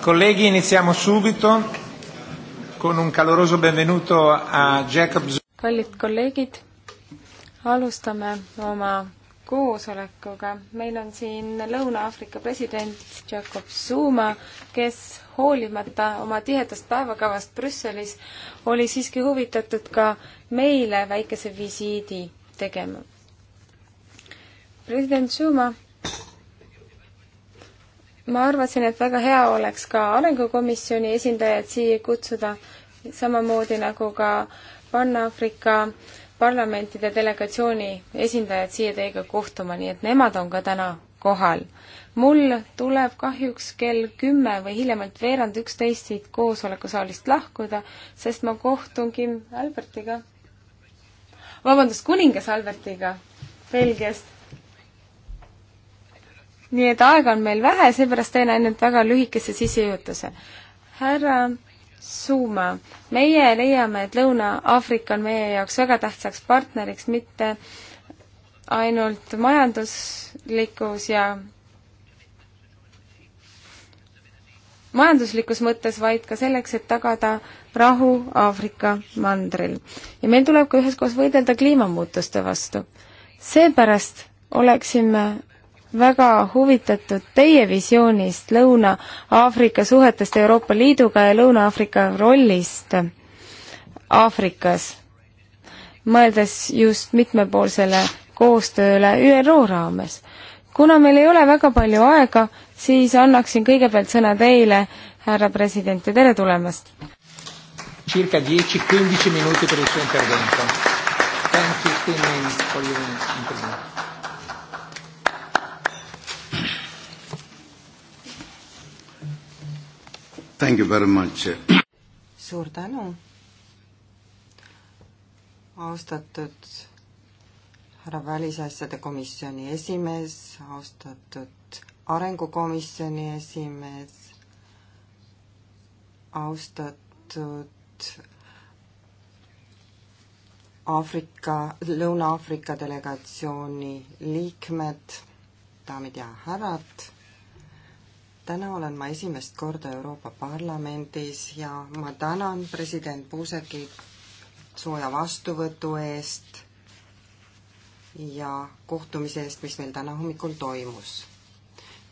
Colleghi, iniziamo subito con un caloroso benvenuto a Jacob Zuma. kallid kolleegid, alustame oma koosolekuga. meil on siin Lõuna-Aafrika president Jacob Zuma, kes hoolimata oma tihedast päevakavast Brüsselis oli siiski huvitatud ka meile väikese visiidi tegema. president Zuma ma arvasin, et väga hea oleks ka Arengukomisjoni esindajad siia kutsuda, samamoodi nagu ka Pan-Aafrika parlamentide delegatsiooni esindajad siia teiega kohtuma, nii et nemad on ka täna kohal. mul tuleb kahjuks kell kümme või hiljemalt veerand üksteist siit koosolekusaalist lahkuda, sest ma kohtun Kim Albertiga, vabandust, kuningas Albertiga Belgiast nii et aega on meil vähe, seepärast teen ainult väga lühikese sissejuhatuse. härra Suuma, meie leiame, et Lõuna-Aafrika on meie jaoks väga tähtsaks partneriks, mitte ainult majanduslikus ja majanduslikus mõttes, vaid ka selleks, et tagada rahu Aafrika mandril. ja meil tuleb ka üheskoos võidelda kliimamuutuste vastu. seepärast oleksime väga huvitatud teie visioonist Lõuna-Aafrika suhetest Euroopa Liiduga ja Lõuna-Aafrika rollist Aafrikas, mõeldes just mitmepoolsele koostööle ÜRO raames. kuna meil ei ole väga palju aega, siis annaksin kõigepealt sõna teile, härra president, ja tere tulemast! circa dieci-quindici minuti per il suo intervento. Thank you, Tim, for your intervento. Thank you very much. suur tänu, austatud härra välisasjade komisjoni esimees, austatud arengukomisjoni esimees, austatud Aafrika, Lõuna-Aafrika delegatsiooni liikmed, daamid ja härrad täna olen ma esimest korda Euroopa Parlamendis ja ma tänan president Puuseki sooja vastuvõtu eest ja kohtumise eest, mis meil täna hommikul toimus.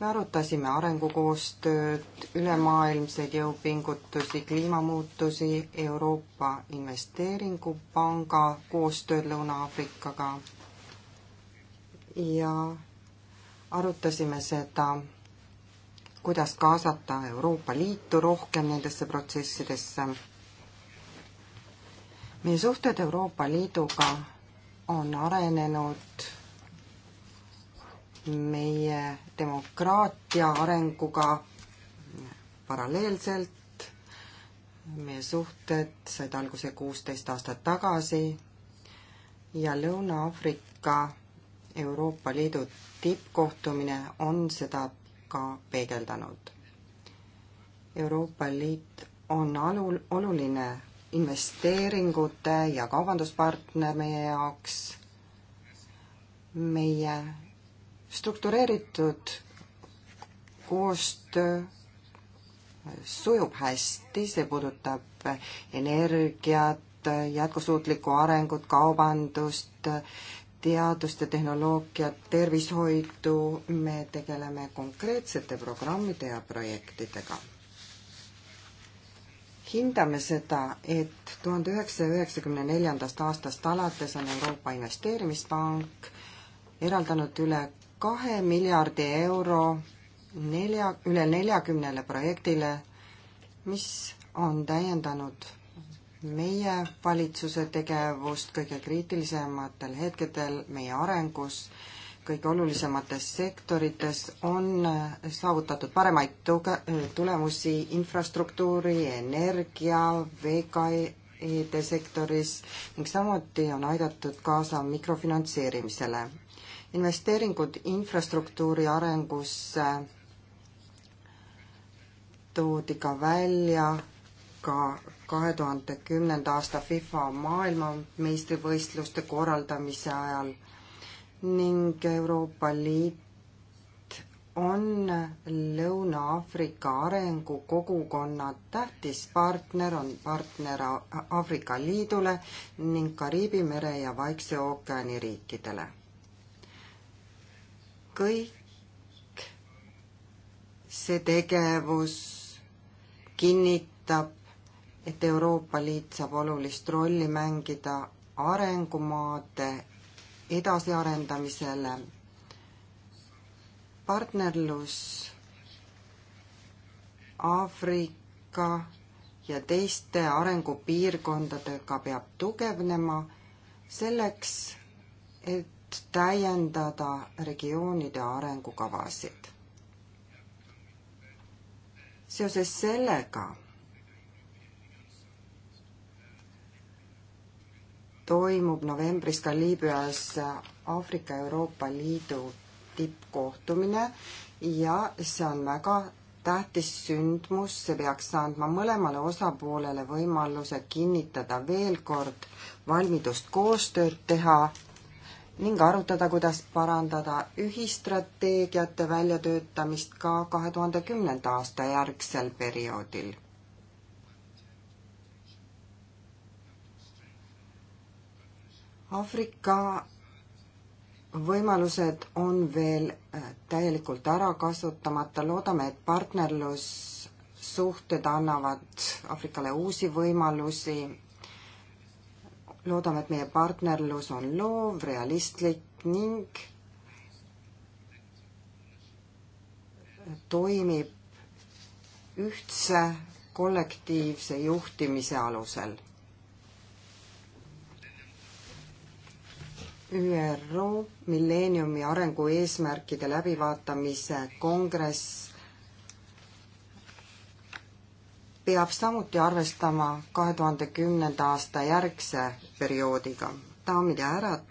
me arutasime arengukoostööd, ülemaailmseid jõupingutusi, kliimamuutusi, Euroopa Investeeringupanga koostööd Lõuna-Aafrikaga ja arutasime seda kuidas kaasata Euroopa Liitu rohkem nendesse protsessidesse. meie suhted Euroopa Liiduga on arenenud meie demokraatia arenguga paralleelselt. meie suhted said alguse kuusteist aastat tagasi ja Lõuna-Aafrika Euroopa Liidu tippkohtumine on seda ka peegeldanud. Euroopa Liit on alul, oluline investeeringute ja kaubanduspartner meie jaoks. meie struktureeritud koostöö sujub hästi, see puudutab energiat, jätkusuutlikku arengut, kaubandust, teadust ja tehnoloogiat, tervishoidu, me tegeleme konkreetsete programmide ja projektidega. hindame seda, et tuhande üheksasaja üheksakümne neljandast aastast alates on Euroopa Investeerimispank eraldanud üle kahe miljardi euro nelja, üle neljakümnele projektile, mis on täiendanud meie valitsuse tegevust kõige kriitilisematel hetkedel meie arengus, kõige olulisemates sektorites on saavutatud paremaid tuge-, tulemusi infrastruktuuri, energia, VKE-de sektoris ning samuti on aidatud kaasa mikrofinantseerimisele. investeeringud infrastruktuuri arengusse toodi ka välja ka kahe tuhande kümnenda aasta FIFA maailmameistrivõistluste korraldamise ajal ning Euroopa Liit on Lõuna-Aafrika arengukogukonna tähtis partner, on partner Aafrika Liidule ning Kariibi mere ja Vaikse ookeani riikidele. kõik see tegevus kinnitab et Euroopa Liit saab olulist rolli mängida arengumaade edasiarendamisele. partnerlus Aafrika ja teiste arengupiirkondadega peab tugevnema selleks, et täiendada regioonide arengukavasid. seoses sellega toimub novembris ka Liibüas Aafrika-Euroopa Liidu tippkohtumine ja see on väga tähtis sündmus, see peaks andma mõlemale osapoolele võimaluse kinnitada veel kord valmidust koostööd teha ning arutada, kuidas parandada ühistrateegiate väljatöötamist ka kahe tuhande kümnenda aasta järgsel perioodil Aafrika võimalused on veel äh, täielikult ära kasutamata, loodame, et partnerlussuhted annavad Aafrikale uusi võimalusi. loodame, et meie partnerlus on loov, realistlik ning toimib ühtse kollektiivse juhtimise alusel ÜRO milleeniumi arengu eesmärkide läbivaatamise kongress peab samuti arvestama kahe tuhande kümnenda aasta järgse perioodiga. daamid ja härrad,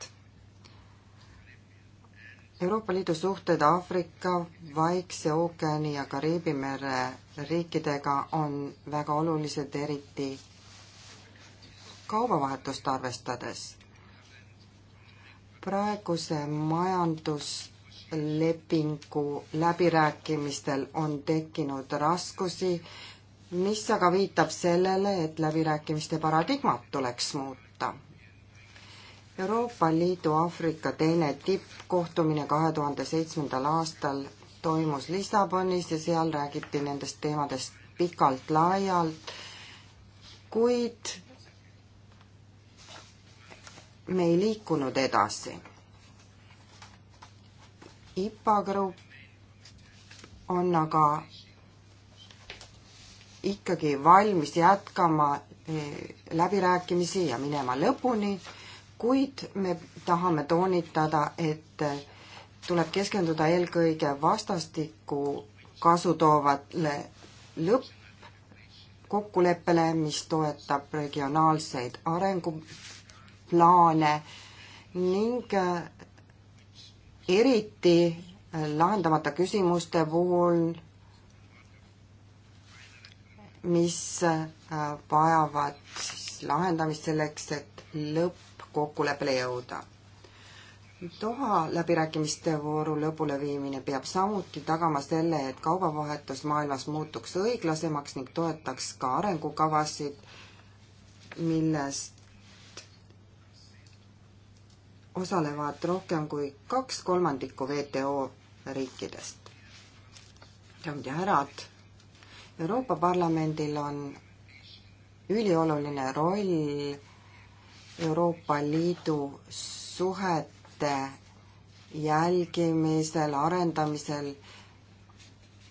Euroopa Liidu suhted Aafrika, Vaikse ookeani ja Kariibi mere riikidega on väga olulised, eriti kaubavahetust arvestades praeguse majanduslepingu läbirääkimistel on tekkinud raskusi, mis aga viitab sellele, et läbirääkimiste paradigmat tuleks muuta. Euroopa Liidu Aafrika teine tippkohtumine kahe tuhande seitsmendal aastal toimus Lissabonis ja seal räägiti nendest teemadest pikalt-laialt, kuid me ei liikunud edasi. IPA grupp on aga ikkagi valmis jätkama eh, läbirääkimisi ja minema lõpuni, kuid me tahame toonitada, et eh, tuleb keskenduda eelkõige vastastikku kasu toovale lõppkokkuleppele, mis toetab regionaalseid arengu plaane ning äh, eriti äh, lahendamata küsimuste puhul, mis äh, vajavad lahendamist selleks, et lõppkokkuleppele jõuda. Doha läbirääkimiste vooru lõpuleviimine peab samuti tagama selle, et kaubavahetus maailmas muutuks õiglasemaks ning toetaks ka arengukavasid, millest osalevad rohkem kui kaks kolmandikku WTO riikidest. daamid ja härrad, Euroopa Parlamendil on ülioluline roll Euroopa Liidu suhete jälgimisel, arendamisel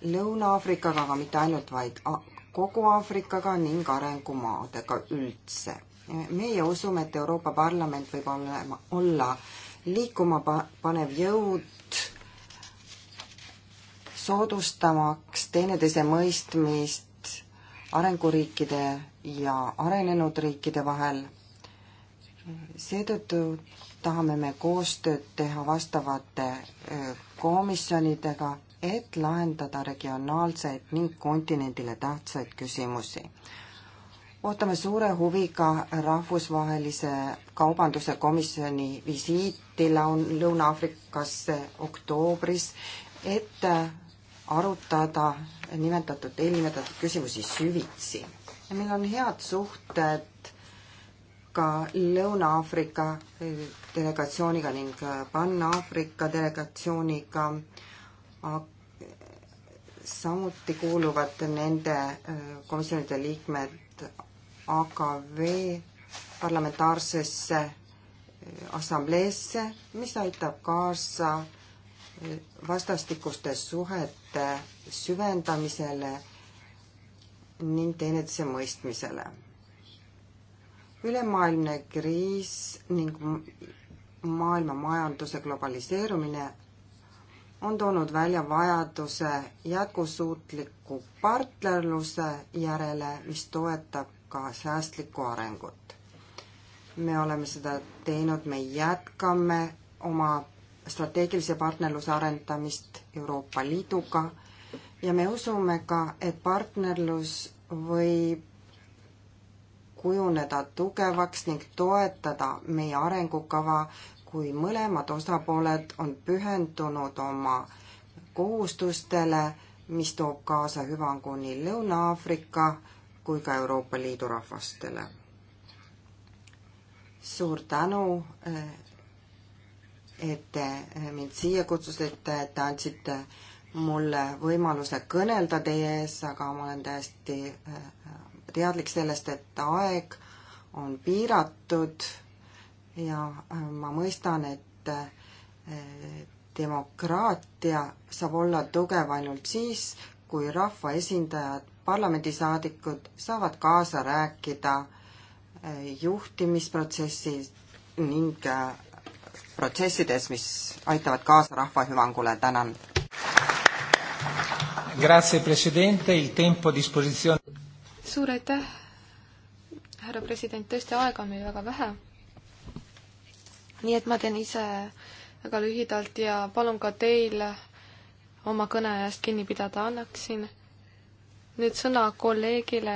Lõuna-Aafrikaga, aga mitte ainult, vaid kogu Aafrikaga ning arengumaadega üldse meie usume, et Euroopa Parlament võib olla, olla liikuma panev jõud, soodustamaks teineteise mõistmist arenguriikide ja arenenud riikide vahel. seetõttu tahame me koostööd teha vastavate komisjonidega, et lahendada regionaalseid ning kontinendile tähtsaid küsimusi ootame suure huviga rahvusvahelise kaubanduse komisjoni visiiti Lõuna-Aafrikasse oktoobris, et arutada nimetatud, eelnimetatud küsimusi süvitsi. ja meil on head suhted ka Lõuna-Aafrika eh, delegatsiooniga ning eh, Pan-Aafrika delegatsiooniga, samuti kuuluvad nende eh, komisjonide liikmed AKV parlamentaarsesse eh, assambleesse, mis aitab kaasa eh, vastastikuste suhete süvendamisele ning teineteise mõistmisele. ülemaailmne kriis ning maailma majanduse globaliseerumine on toonud välja vajaduse jätkusuutliku partnerluse järele, mis toetab ka säästlikku arengut. me oleme seda teinud, me jätkame oma strateegilise partnerluse arendamist Euroopa Liiduga ja me usume ka, et partnerlus võib kujuneda tugevaks ning toetada meie arengukava, kui mõlemad osapooled on pühendunud oma kohustustele, mis toob kaasa hüvangu nii Lõuna-Aafrika kui ka Euroopa Liidu rahvastele. suur tänu, eh, et te eh, mind siia kutsusite, et te andsite mulle võimaluse kõnelda teie ees, aga ma olen täiesti eh, teadlik sellest, et aeg on piiratud ja ma mõistan, et demokraatia saab olla tugev ainult siis, kui rahvaesindajad parlamendisaadikud saavad kaasa rääkida eh, juhtimisprotsessis ning eh, protsessides, mis aitavad kaasa rahva hüvangule, tänan. suur aitäh, härra president, tõesti aega on meil väga vähe. nii et ma teen ise väga lühidalt ja palun ka teil oma kõne ajast kinni pidada, annaksin nüüd sõna kolleegile,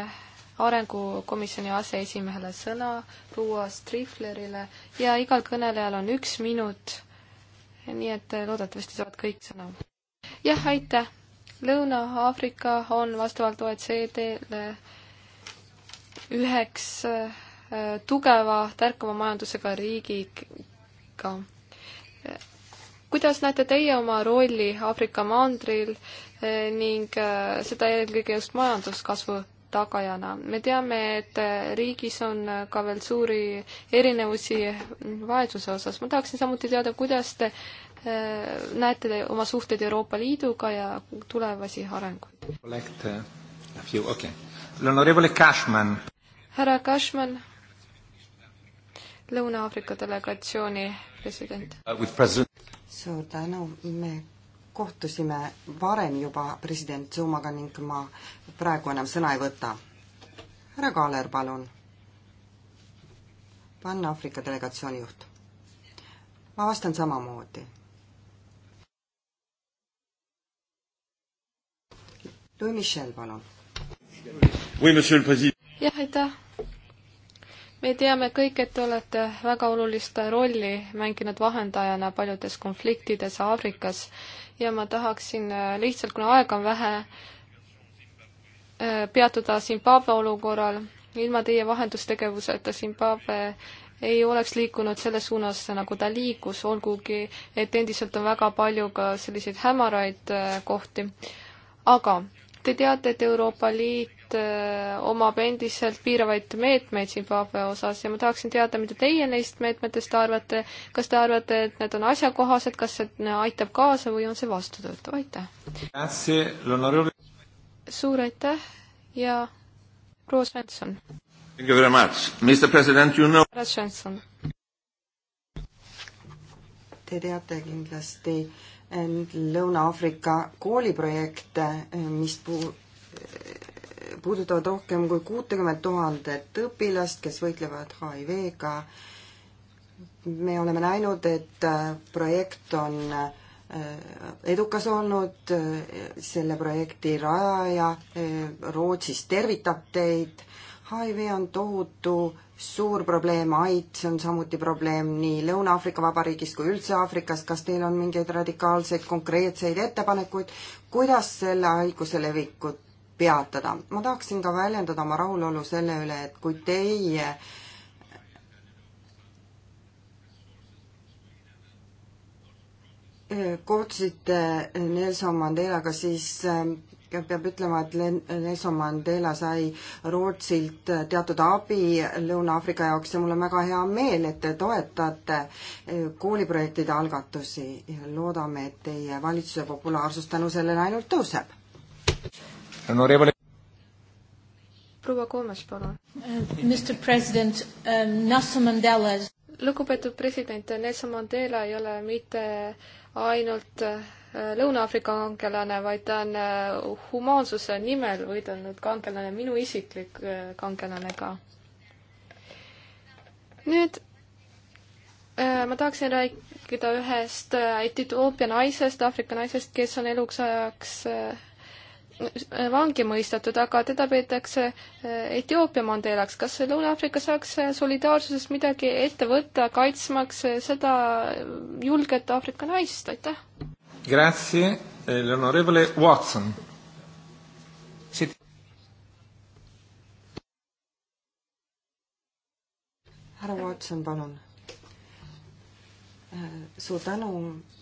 arengukomisjoni aseesimehele sõna, proua Striflerile ja igal kõnelejal on üks minut. nii et loodetavasti saavad kõik sõna. jah, aitäh. Lõuna-Aafrika on vastavalt OECD-le üheks äh, tugeva, tärkava majandusega riigiga. kuidas näete teie oma rolli Aafrika mandril ning äh, seda eelkõige just majanduskasvu tagajana. me teame, et äh, riigis on äh, ka veel suuri erinevusi vaesuse osas. ma tahaksin samuti teada, kuidas te näete te oma suhteid Euroopa Liiduga ja tulevasi arenguid? Okay. härra Cashman, Lõuna-Aafrika delegatsiooni president. Uh, suur tänu, me kohtusime varem juba president Zumaga ning ma praegu enam sõna ei võta. härra Kaaler, palun. Pan-Aafrika delegatsiooni juht. ma vastan samamoodi. Louis Michel, palun. jah, aitäh me teame kõik, et te olete väga olulist rolli mänginud vahendajana paljudes konfliktides Aafrikas ja ma tahaksin äh, lihtsalt, kuna aega on vähe, äh, peatuda Zimbabwe olukorral. ilma teie vahendustegevuseta Zimbabwe ei oleks liikunud selles suunas, nagu ta liikus, olgugi et endiselt on väga palju ka selliseid hämaraid äh, kohti. aga te teate, et Euroopa Liit et äh, omab endiselt piiravaid meetmeid Zimbabwe osas ja ma tahaksin teada, mida teie neist meetmetest arvate. kas te arvate, et need on asjakohased, kas see äh, aitab kaasa või on see vastutöötav? aitäh! suur aitäh ja proua Svensson! härra Svensson! Te teate kindlasti Lõuna-Aafrika kooliprojekte, mis puu-, puudutavad rohkem kui kuutekümmet tuhandet õpilast, kes võitlevad HIV-ga. me oleme näinud, et äh, projekt on äh, edukas olnud, äh, selle projekti rajaja Rootsis tervitab teid. HIV on tohutu suur probleem, AIDS on samuti probleem nii Lõuna-Aafrika Vabariigis kui üldse Aafrikas. kas teil on mingeid radikaalseid konkreetseid ettepanekuid, kuidas selle haiguse levikut peatada. ma tahaksin ka väljendada oma rahulolu selle üle, et kui teie kohtusite Nelson Mandelaga, siis äh, peab ütlema, et Nelson Mandela sai Rootsilt teatud abi Lõuna-Aafrika jaoks ja mul on väga hea meel, et te toetate äh, kooliprojektide algatusi ja loodame, et teie valitsuse populaarsus tänu sellele ainult tõuseb. Onorevole. proua Koomes, palun. Mr President um,, Nelson Mandela. lugupeetud president, Nelson Mandela ei ole mitte ainult äh, Lõuna-Aafrika kangelane, vaid ta on äh, humaansuse nimel võidelnud kangelane, minu isiklik äh, kangelane ka. nüüd ma tahaksin rääkida ühest Etiopia naisest, Aafrika naisest, kes on eluks ajaks äh, vangi mõistetud, aga teda peetakse eh, Etioopia Mandelaks. kas Lõuna-Aafrika saaks eh, solidaarsusest midagi ette võtta, kaitsmaks eh, seda julget Aafrika naist, aitäh! Grazie, l'onorevole Watson Sit.... härra Watson, palun suur tänu,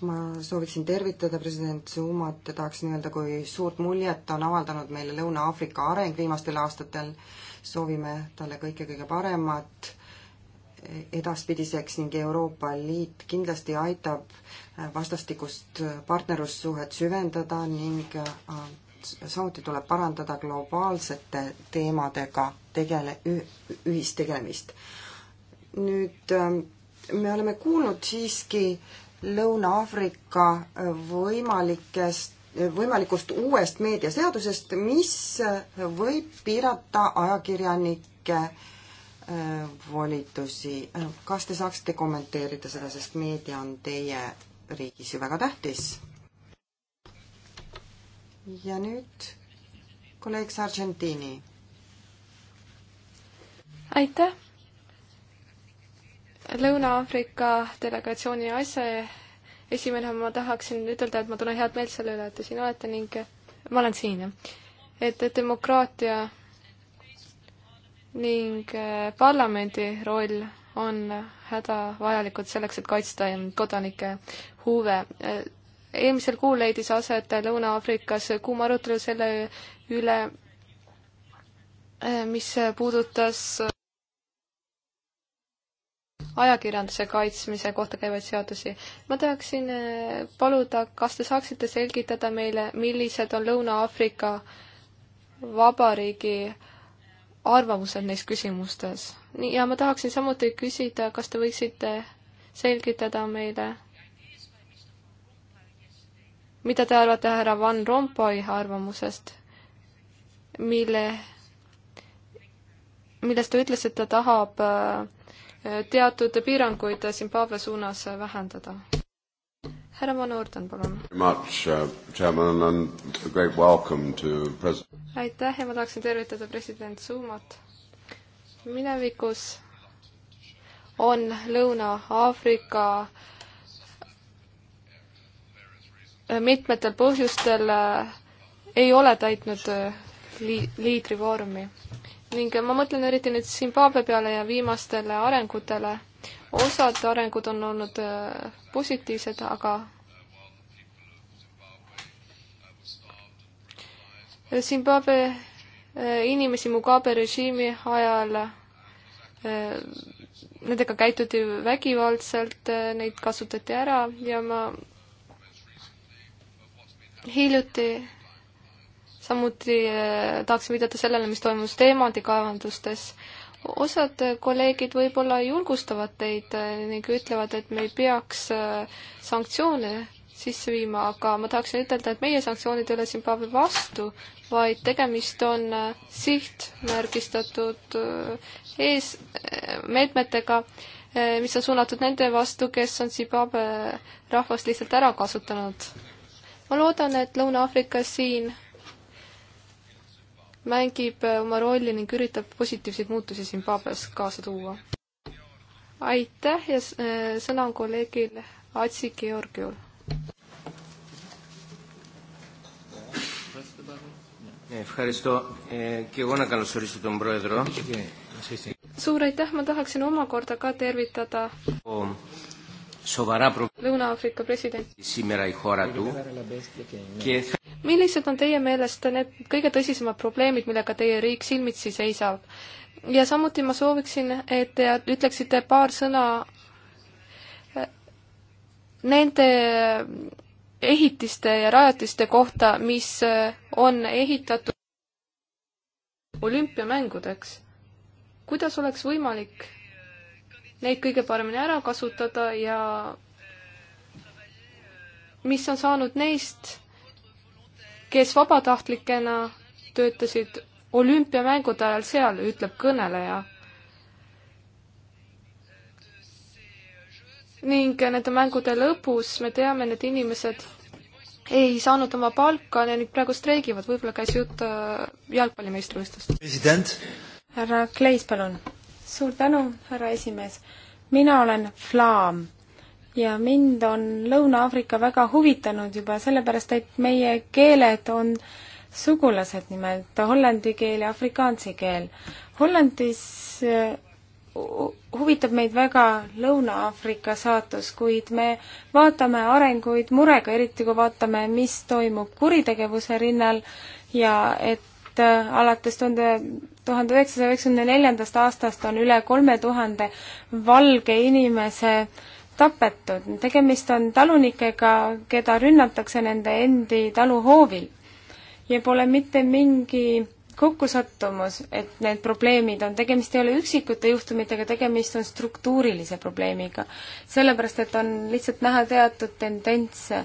ma sooviksin tervitada president Zumat ja tahaksin öelda, kui suurt muljet on avaldanud meile Lõuna-Aafrika areng viimastel aastatel. soovime talle kõike kõige paremat edaspidiseks ning Euroopa Liit kindlasti aitab vastastikust partnerlussuhet süvendada ning äh, samuti tuleb parandada globaalsete teemadega tegele, ühistegelemist. nüüd ähm, me oleme kuulnud siiski Lõuna-Aafrika võimalikest võimalikust uuest meediaseadusest, mis võib piirata ajakirjanike äh, volitusi. kas te saaksite kommenteerida seda, sest meedia on teie riigis ju väga tähtis? ja nüüd kolleeg Sargentini. aitäh Lõuna-Aafrika delegatsiooni asja esimene ma tahaksin ütelda, et ma tunnen head meelt selle üle, et te siin olete ning ma olen siin, jah. et demokraatia ning äh, parlamendi roll on hädavajalikud selleks, et kaitsta kodanike huve. Äh, eelmisel kuul leidis aset Lõuna-Aafrikas kuum arutelu selle üle, äh, mis puudutas ajakirjanduse kaitsmise kohta käivaid seadusi. ma tahaksin äh, paluda, kas te saaksite selgitada meile, millised on Lõuna-Aafrika Vabariigi arvamused neis küsimustes. nii, ja ma tahaksin samuti küsida, kas te võiksite selgitada meile, mida te arvate härra Van Rompuy arvamusest, mille, milles ta ütles, et ta tahab äh, teatud piiranguid Zimbabwe suunas vähendada. härra Van Orden, palun. Uh, aitäh ja ma tahaksin tervitada president Zumat. minevikus on Lõuna-Aafrika äh, mitmetel põhjustel äh, ei ole täitnud äh, li-, liidrivormi ning ma mõtlen eriti nüüd Zimbabwe peale ja viimastele arengutele. osad arengud on olnud äh, positiivsed, aga Zimbabwe äh, inimesi Mugabe režiimi ajal, äh, nendega käituti vägivaldselt, neid kasutati ära ja ma hiljuti samuti äh, tahaksin viidata sellele, mis toimus teemandikaevandustes. osad kolleegid võib-olla julgustavad teid äh, ning ütlevad, et me ei peaks äh, sanktsioone sisse viima, aga ma tahaksin ütelda, et meie sanktsioonid ei ole Zimbabwe vastu, vaid tegemist on sihtmärgistatud ees, meetmetega, mis on suunatud nende vastu, kes on Zimbabwe rahvast lihtsalt ära kasutanud. ma loodan, et Lõuna-Aafrika siin mängib äh, oma rolli ning üritab positiivseid muutusi Zimbabwes kaasa tuua. aitäh ja äh, sõna on kolleegil Atsi Georgiul. Eh, eh, suur aitäh, ma tahaksin omakorda ka tervitada oh Lõuna-Aafrika president. millised on teie meelest need kõige tõsisemad probleemid, millega teie riik silmitsi seisab? ja samuti ma sooviksin, et te ütleksite paar sõna äh, nende ehitiste ja rajatiste kohta, mis äh, on ehitatud olümpiamängudeks. kuidas oleks võimalik neid kõige paremini ära kasutada ja mis on saanud neist, kes vabatahtlikena töötasid olümpiamängude ajal seal, ütleb kõneleja. ning nende mängude lõpus me teame, need inimesed ei saanud oma palka ja nüüd praegu streigivad, võib-olla käis jutt äh, jalgpallimeistrivõistlust. härra Kleis, palun suur tänu, härra esimees. mina olen Flaam ja mind on Lõuna-Aafrika väga huvitanud juba sellepärast, et meie keeled on sugulased nimelt, hollandi keel ja afrikaansi keel. Hollandis eh, huvitab meid väga Lõuna-Aafrika saatus, kuid me vaatame arenguid murega, eriti kui vaatame, mis toimub kuritegevuse rinnal ja et et äh, alates tuhande, tuhande üheksasaja üheksakümne neljandast aastast on üle kolme tuhande valge inimese tapetud. tegemist on talunikega, keda rünnatakse nende endi talu hoovil. ja pole mitte mingi kokkusattumus, et need probleemid on, tegemist ei ole üksikute juhtumitega, tegemist on struktuurilise probleemiga. sellepärast, et on lihtsalt näha teatud tendentse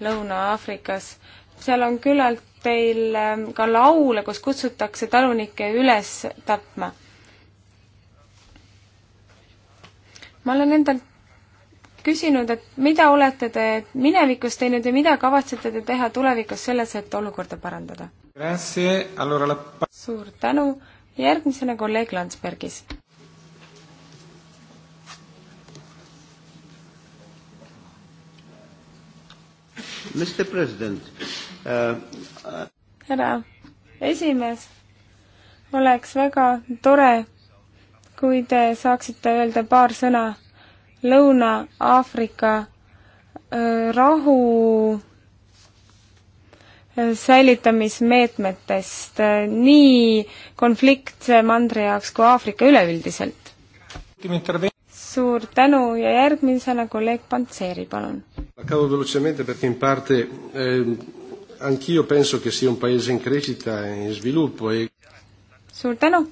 Lõuna-Aafrikas. seal on küllalt teil äh, ka laule, kus kutsutakse talunikke üles tapma. ma olen endalt küsinud, et mida olete te minevikus teinud ja mida kavatsete te teha tulevikus selles, et olukorda parandada? suur tänu, järgmisena kolleeg Landsbergis. Mr President uh,, härra esimees, oleks väga tore, kui te saaksite öelda paar sõna Lõuna-Aafrika äh, rahu äh, säilitamismeetmetest äh, nii konfliktse mandri jaoks kui Aafrika üleüldiselt? suur tänu ja järgmisena kolleeg Pantseri, palun anch'io penso che sia un paese in crescita e in sviluppo e suur tänu!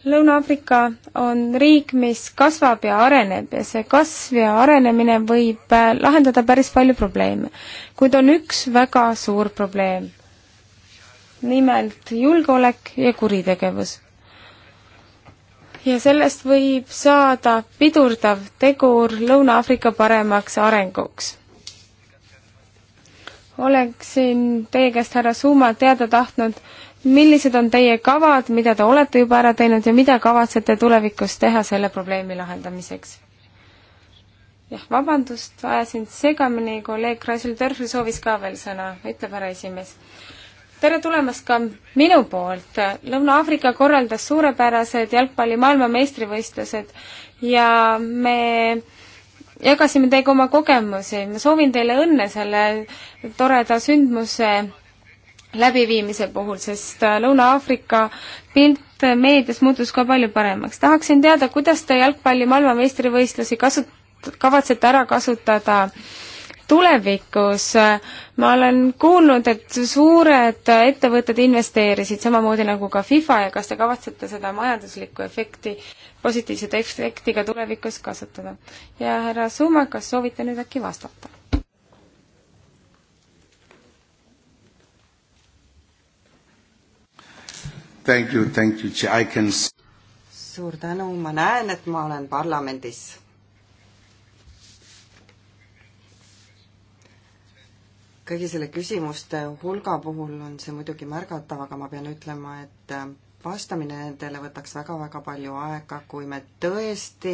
Lõuna-Aafrika on riik, mis kasvab ja areneb ja see kasv ja arenemine võib äh, lahendada päris palju probleeme. kuid on üks väga suur probleem. nimelt julgeolek ja kuritegevus. ja sellest võib saada pidurdav tegur Lõuna-Aafrika paremaks arenguks oleksin teie käest, härra Suuma, teada tahtnud, millised on teie kavad, mida te olete juba ära teinud ja mida kavatsete tulevikus teha selle probleemi lahendamiseks? jah, vabandust, ajasin segamini, kolleeg Rasil Dörfli soovis ka veel sõna, ütleb härra esimees. tere tulemast ka minu poolt, Lõuna-Aafrika korraldas suurepärased jalgpalli maailmameistrivõistlused ja me jagasime teiega oma kogemusi, ma soovin teile õnne selle toreda sündmuse läbiviimise puhul, sest äh, Lõuna-Aafrika pilt meedias muutus ka palju paremaks. tahaksin teada, kuidas te jalgpalli maailmameistrivõistlusi kasut-, kavatsete ära kasutada äh, tulevikus ma olen kuulnud, et suured ettevõtted investeerisid samamoodi nagu ka FIFA ja kas te kavatsete seda majanduslikku efekti, positiivset efekti ka tulevikus kasutada? ja härra Summa, kas soovite nüüd äkki vastata? Thank you, thank you, I can suur tänu, ma näen, et ma olen parlamendis kõigi selle küsimuste hulga puhul on see muidugi märgatav, aga ma pean ütlema, et äh, vastamine nendele võtaks väga-väga palju aega, kui me tõesti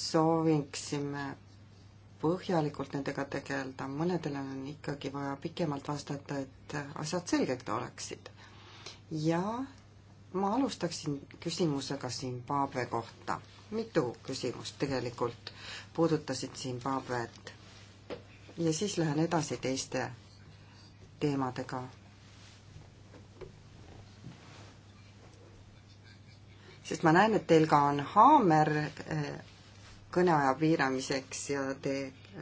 sooviksime põhjalikult nendega tegeleda, mõnedele on ikkagi vaja pikemalt vastata, et äh, asjad selged oleksid. ja ma alustaksin küsimusega Zimbabwe kohta. mitu küsimust tegelikult puudutasid Zimbabwet ja siis lähen edasi teiste teemadega. sest ma näen, et teil ka on haamer eh, kõneaja piiramiseks ja te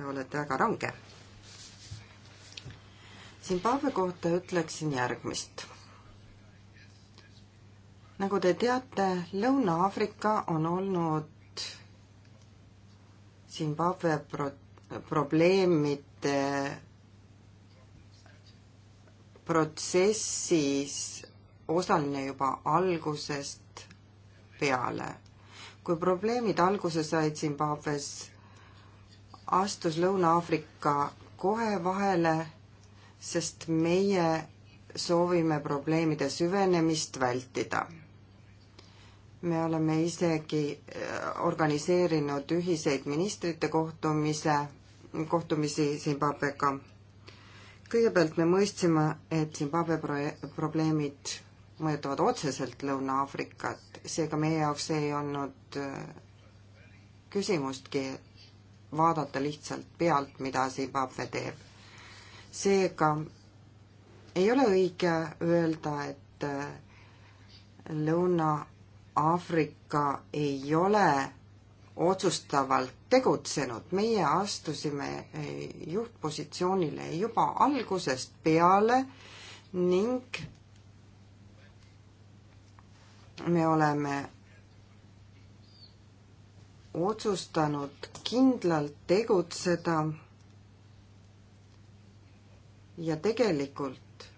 olete väga range. Zimbabwe kohta ütleksin järgmist. nagu te teate, Lõuna-Aafrika on olnud Zimbabwe prot-, probleemide protsessis osaline juba algusest peale. kui probleemid alguse said Zimbabwes, astus Lõuna-Aafrika kohe vahele, sest meie soovime probleemide süvenemist vältida me oleme isegi äh, organiseerinud ühiseid ministrite kohtumise, kohtumisi Zimbabwega. kõigepealt me mõistsime, et Zimbabwe pro-, probleemid mõjutavad otseselt Lõuna-Aafrikat, seega meie jaoks ei olnud äh, küsimustki vaadata lihtsalt pealt, mida Zimbabwe teeb. seega ei ole õige öelda, et äh, Lõuna Aafrika ei ole otsustavalt tegutsenud, meie astusime eh, juhtpositsioonile juba algusest peale ning me oleme otsustanud kindlalt tegutseda ja tegelikult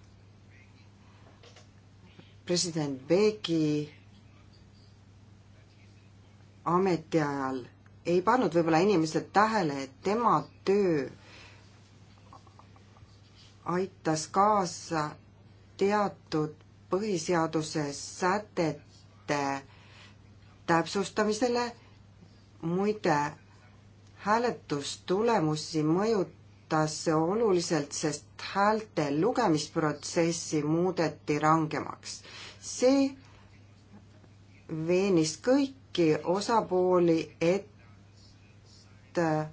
president Beki ametiajal ei pannud võib-olla inimesed tähele, et tema töö aitas kaasa teatud põhiseaduse sätete täpsustamisele. muide, hääletustulemusi mõjutas see oluliselt, sest häälte lugemisprotsessi muudeti rangemaks. see veenis kõik, kõiki osapooli, et äh,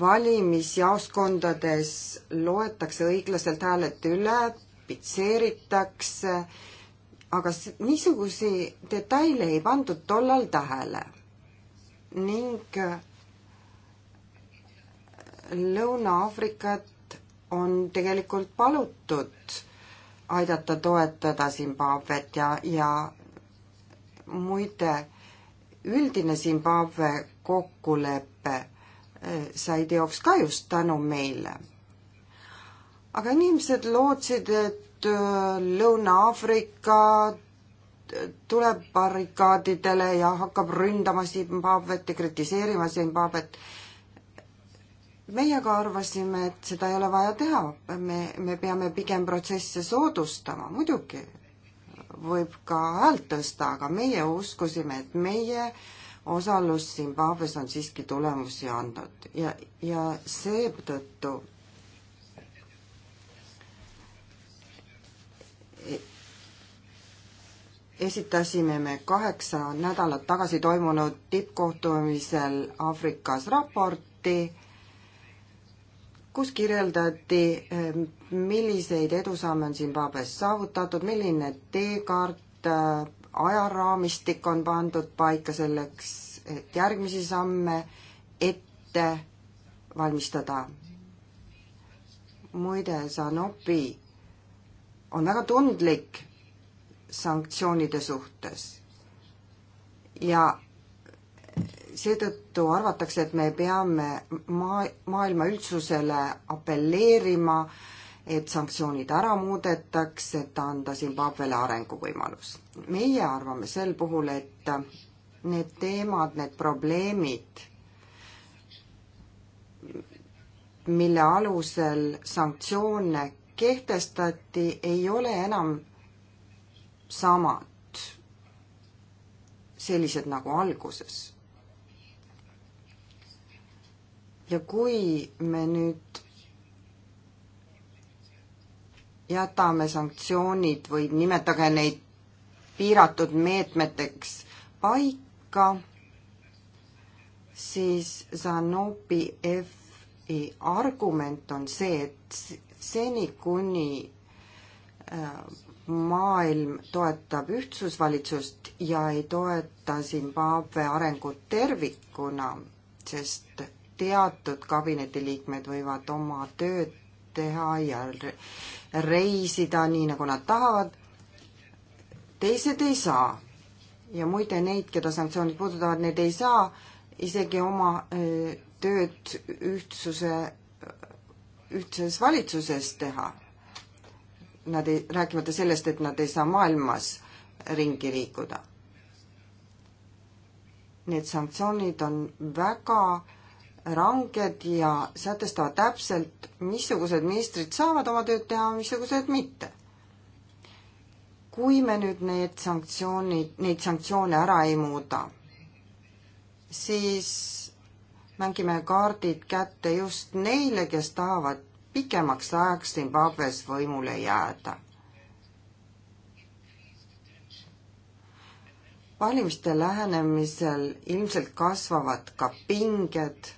valimisjaoskondades loetakse õiglaselt hääled üle, pitseeritakse, aga niisugusi detaile ei pandud tollal tähele. ning Lõuna-Aafrikat on tegelikult palutud aidata toetada Zimbabwet ja, ja muide, üldine Zimbabwe kokkulepe eh, sai teoks ka just tänu meile. aga inimesed lootsid, et eh, Lõuna-Aafrika eh, tuleb barrikaadidele ja hakkab ründama Zimbabwet ja kritiseerima Zimbabwet. meie aga arvasime, et seda ei ole vaja teha, me, me peame pigem protsesse soodustama, muidugi võib ka häält tõsta, aga meie uskusime, et meie osalus Zimbabwe's on siiski tulemusi andnud ja, ja seetõttu esitasime me kaheksa nädalat tagasi toimunud tippkohtumisel Aafrikas raporti kus kirjeldati, eh, milliseid edusamme on Zimbabwe's saavutatud, milline teekaart, eh, ajaraamistik on pandud paika selleks, et järgmisi samme ette valmistada. muide, Sanopi on väga tundlik sanktsioonide suhtes ja seetõttu arvatakse, et me peame maa, maailma üldsusele apelleerima, et sanktsioonid ära muudetaks, et anda Zimbabwele arenguvõimalus. meie arvame sel puhul, et need teemad, need probleemid, mille alusel sanktsioone kehtestati, ei ole enam samad, sellised nagu alguses ja kui me nüüd jätame sanktsioonid või nimetage neid piiratud meetmeteks paika, siis Zanobi F-i e argument on see, et seni, kuni äh, maailm toetab ühtsusvalitsust ja ei toeta Zimbabwe arengut tervikuna, sest teatud kabinetiliikmed võivad oma tööd teha ja reisida nii, nagu nad tahavad, teised ei saa. ja muide, neid, keda sanktsioonid puudutavad, need ei saa isegi oma äh, tööd ühtsuse, ühtses valitsuses teha. Nad ei, rääkimata sellest, et nad ei saa maailmas ringi liikuda. Need sanktsioonid on väga äh, ranged ja sätestavad täpselt, missugused ministrid saavad oma tööd teha, missugused mitte. kui me nüüd need sanktsioonid, neid sanktsioone ära ei muuda, siis mängime kaardid kätte just neile, kes tahavad pikemaks ajaks Zimbabwes võimule jääda. valimiste lähenemisel ilmselt kasvavad ka pinged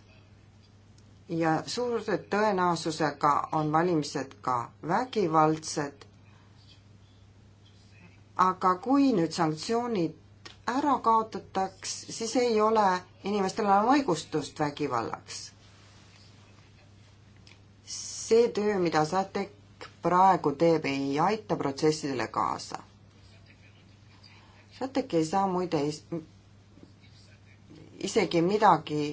ja suure tõenäosusega on valimised ka vägivaldsed. aga kui nüüd sanktsioonid ära kaotataks, siis ei ole inimestel enam õigustust vägivallaks. see töö, mida SATEC praegu teeb, ei aita protsessidele kaasa. SATEC ei saa muide isegi midagi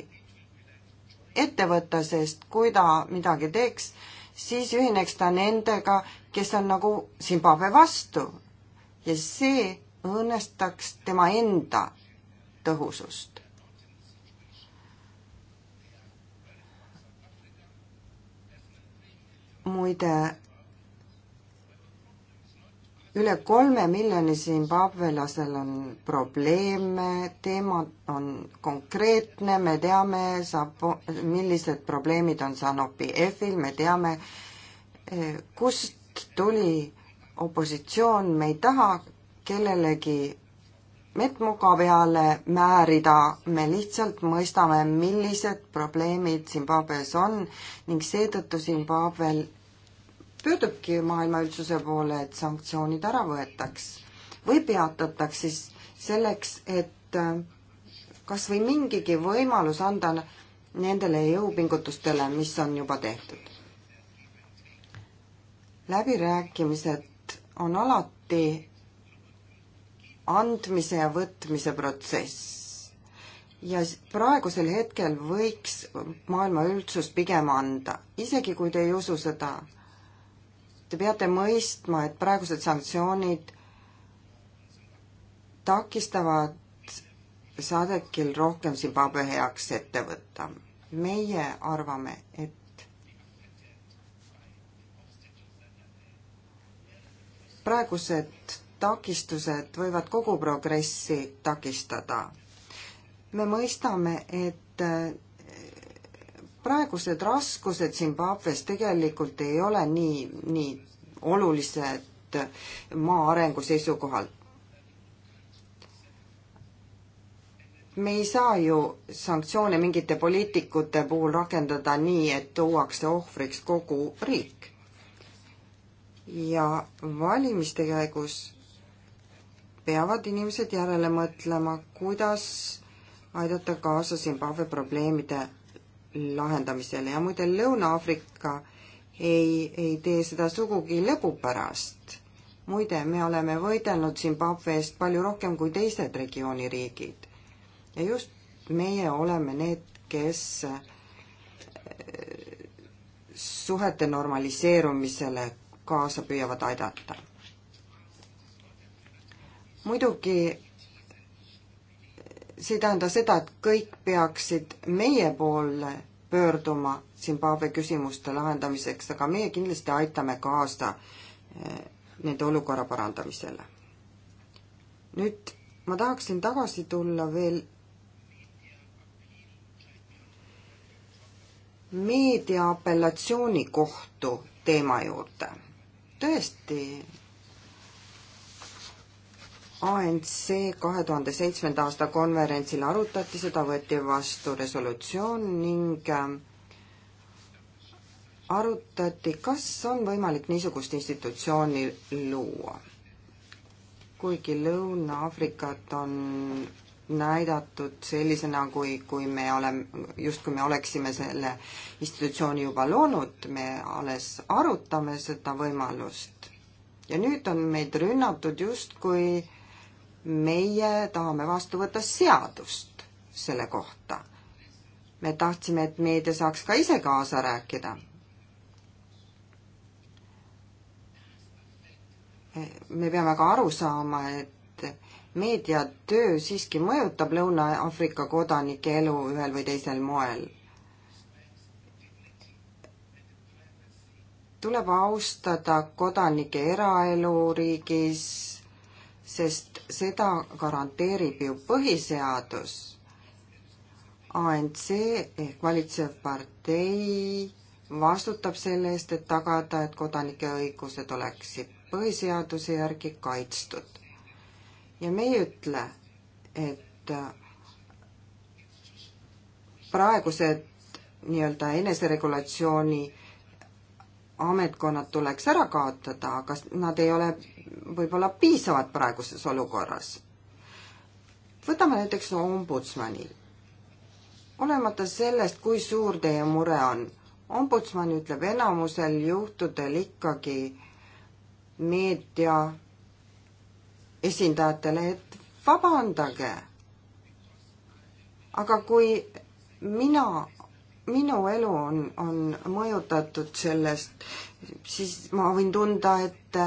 ette võtta, sest kui ta midagi teeks, siis ühineks ta nendega, kes on nagu Zimbabwe vastu. ja see õõnestaks tema enda tõhusust. muide, üle kolme miljoni zimbabvelasel on probleeme, teema on konkreetne, me teame, saab, millised probleemid on Sanopi EF-il, me teame, eh, kust tuli opositsioon, me ei taha kellelegi mettmuka peale määrida, me lihtsalt mõistame, millised probleemid Zimbabwe's on ning seetõttu Zimbabwe'l pöördubki maailma üldsuse poole, et sanktsioonid ära võetaks või peatataks siis selleks, et äh, kas või mingigi võimalus anda nendele jõupingutustele, mis on juba tehtud. läbirääkimised on alati andmise ja võtmise protsess. ja praegusel hetkel võiks maailma üldsus pigem anda, isegi kui te ei usu seda Te peate mõistma, et praegused sanktsioonid takistavad saadekil rohkem Zimbabwe heaks ette võtta. meie arvame, et praegused takistused võivad kogu progressi takistada. me mõistame, et praegused raskused Zimbabwe's tegelikult ei ole nii, nii olulised maa arengu seisukohalt. me ei saa ju sanktsioone mingite poliitikute puhul rakendada nii, et tuuakse ohvriks kogu riik. ja valimiste käigus peavad inimesed järele mõtlema, kuidas aidata kaasa Zimbabwe probleemide lahendamisele ja muide, Lõuna-Aafrika ei, ei tee seda sugugi lõbu pärast. muide, me oleme võidelnud Zimbabwe eest palju rohkem kui teised regiooni riigid. ja just meie oleme need, kes eh, suhete normaliseerumisele kaasa püüavad aidata. muidugi see ei tähenda seda, et kõik peaksid meie poole pöörduma Zimbabwe küsimuste lahendamiseks, aga meie kindlasti aitame kaasa eh, nende olukorra parandamisele. nüüd ma tahaksin tagasi tulla veel meedia apellatsioonikohtu teema juurde. tõesti, ANC kahe tuhande seitsmenda aasta konverentsil arutati, seda võeti vastu resolutsioon ning ähm, arutati, kas on võimalik niisugust institutsiooni luua. kuigi Lõuna-Aafrikat on näidatud sellisena, kui, kui me oleme, justkui me oleksime selle institutsiooni juba loonud, me alles arutame seda võimalust. ja nüüd on meid rünnatud justkui äh, meie tahame vastu võtta seadust selle kohta. me tahtsime, et meedia saaks ka ise kaasa rääkida. me peame ka aru saama, et meedia töö siiski mõjutab Lõuna-Aafrika kodanike elu ühel või teisel moel. tuleb austada kodanike eraelu riigis, sest seda garanteerib ju põhiseadus. ANC ehk valitsev partei vastutab selle eest, et tagada, et kodanike õigused oleksid põhiseaduse järgi kaitstud. ja me ei ütle, et praegused nii-öelda eneseregulatsiooni ametkonnad tuleks ära kaotada, aga nad ei ole võib-olla piisavad praeguses olukorras. võtame näiteks ombudsmani. olemata sellest, kui suur teie mure on, ombudsman ütleb enamusel juhtudel ikkagi meedia esindajatele, et vabandage. aga kui mina minu elu on, on mõjutatud sellest, siis ma võin tunda, et,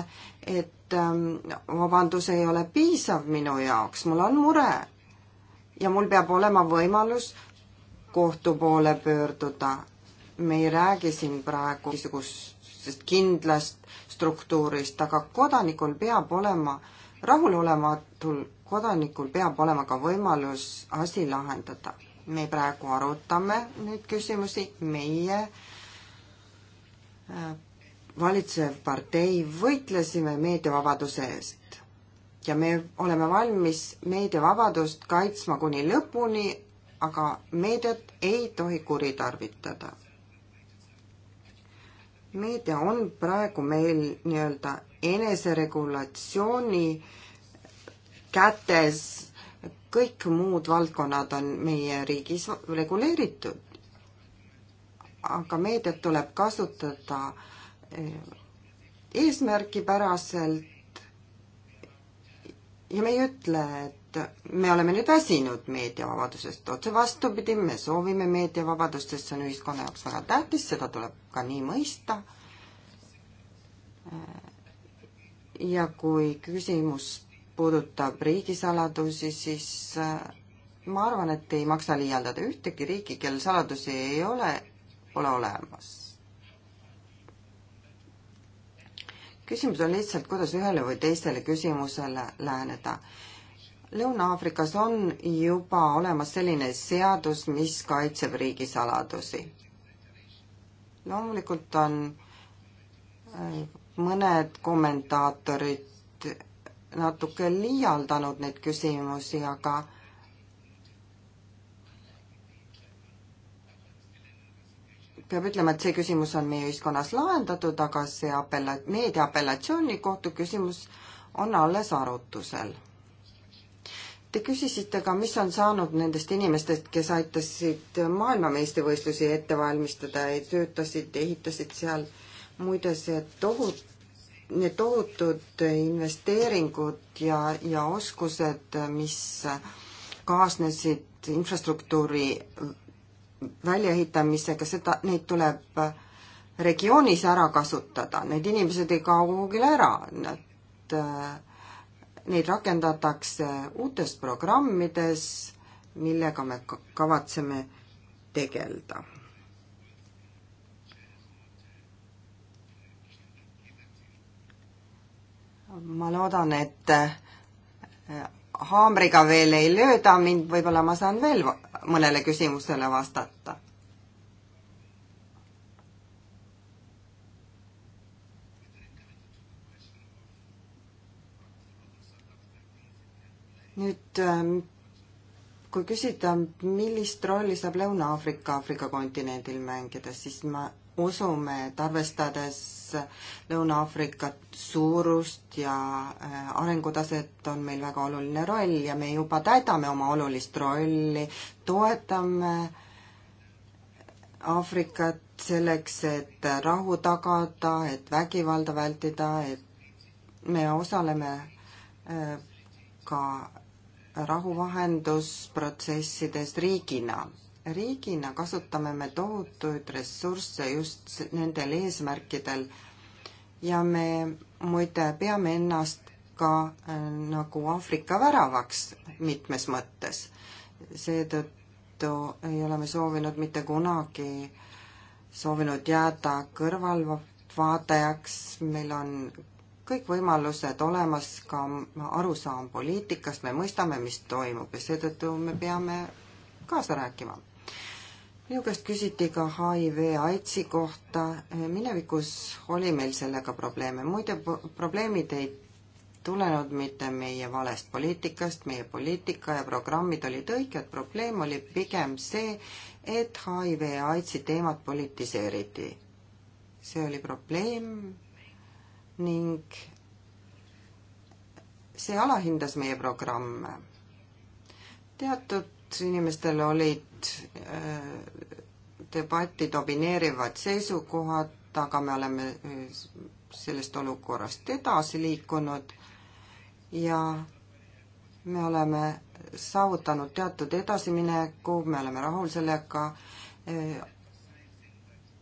et ähm, vabandus ei ole piisav minu jaoks, mul on mure. ja mul peab olema võimalus kohtu poole pöörduda. me ei räägi siin praegu niisugusest kindlast struktuurist, aga kodanikul peab olema, rahulolematul kodanikul peab olema ka võimalus asi lahendada me praegu arutame neid küsimusi, meie äh, valitsev partei võitlesime meediavabaduse eest ja me oleme valmis meediavabadust kaitsma kuni lõpuni, aga meediat ei tohi kuritarvitada. meedia on praegu meil nii-öelda eneseregulatsiooni kätes kõik muud valdkonnad on meie riigis reguleeritud. aga meediat tuleb kasutada eh, eesmärgipäraselt ja me ei ütle, et me oleme nüüd väsinud meediavabadusest, otse vastupidi, me soovime meediavabadust, sest see on ühiskonna jaoks väga tähtis, seda tuleb ka nii mõista eh, ja kui küsimus puudutab riigisaladusi, siis äh, ma arvan, et ei maksa liialdada, ühtegi riiki, kel saladusi ei ole, pole olemas. küsimus on lihtsalt, kuidas ühele või teisele küsimusele läheneda. Lõuna-Aafrikas on juba olemas selline seadus, mis kaitseb riigisaladusi. loomulikult on äh, mõned kommentaatorid natuke liialdanud neid küsimusi, aga peab ütlema, et see küsimus on meie ühiskonnas lahendatud, aga see apella-, meedia apellatsioonikohtu küsimus on alles arutusel. Te küsisite ka, mis on saanud nendest inimestest, kes aitasid maailmameistrivõistlusi ette valmistada ja töötasid, ehitasid seal muide see tohutu need tohutud investeeringud ja, ja oskused, mis kaasnesid infrastruktuuri väljaehitamisega, seda, neid tuleb regioonis ära kasutada, need inimesed ei kao kuhugile ära, nad, neid rakendatakse uutes programmides, millega me kavatseme tegeleda ma loodan, et äh, haamriga veel ei lööda mind, võib-olla ma saan veel mõnele küsimusele vastata. nüüd ähm, kui küsida, millist rolli saab Lõuna-Aafrika Aafrika kontinendil mängida, siis ma usume, et arvestades Lõuna-Aafrika suurust ja äh, arengutaset on meil väga oluline roll ja me juba täidame oma olulist rolli, toetame Aafrikat selleks, et rahu tagada, et vägivalda vältida, et me osaleme äh, ka rahuvahendusprotsessides riigina riigina kasutame me tohutuid ressursse just nendel eesmärkidel ja me muide peame ennast ka äh, nagu Aafrika väravaks mitmes mõttes. seetõttu ei ole me soovinud mitte kunagi, soovinud jääda kõrvalvaatajaks, meil on kõik võimalused olemas, ka arusaam poliitikast, me mõistame, mis toimub ja seetõttu me peame kaasa rääkima minu käest küsiti ka HIV AIDSi kohta, minevikus oli meil sellega probleeme, muide probleemid ei tulenud mitte meie valest poliitikast, meie poliitika ja programmid olid õiged, probleem oli pigem see, et HIV ja AIDSi teemat politiseeriti. see oli probleem ning see alahindas meie programme. teatud inimestel olid debatt, äh, debatti domineerivad seisukohad, aga me oleme äh, sellest olukorrast edasi liikunud ja me oleme saavutanud teatud edasimineku, me oleme rahul sellega, äh,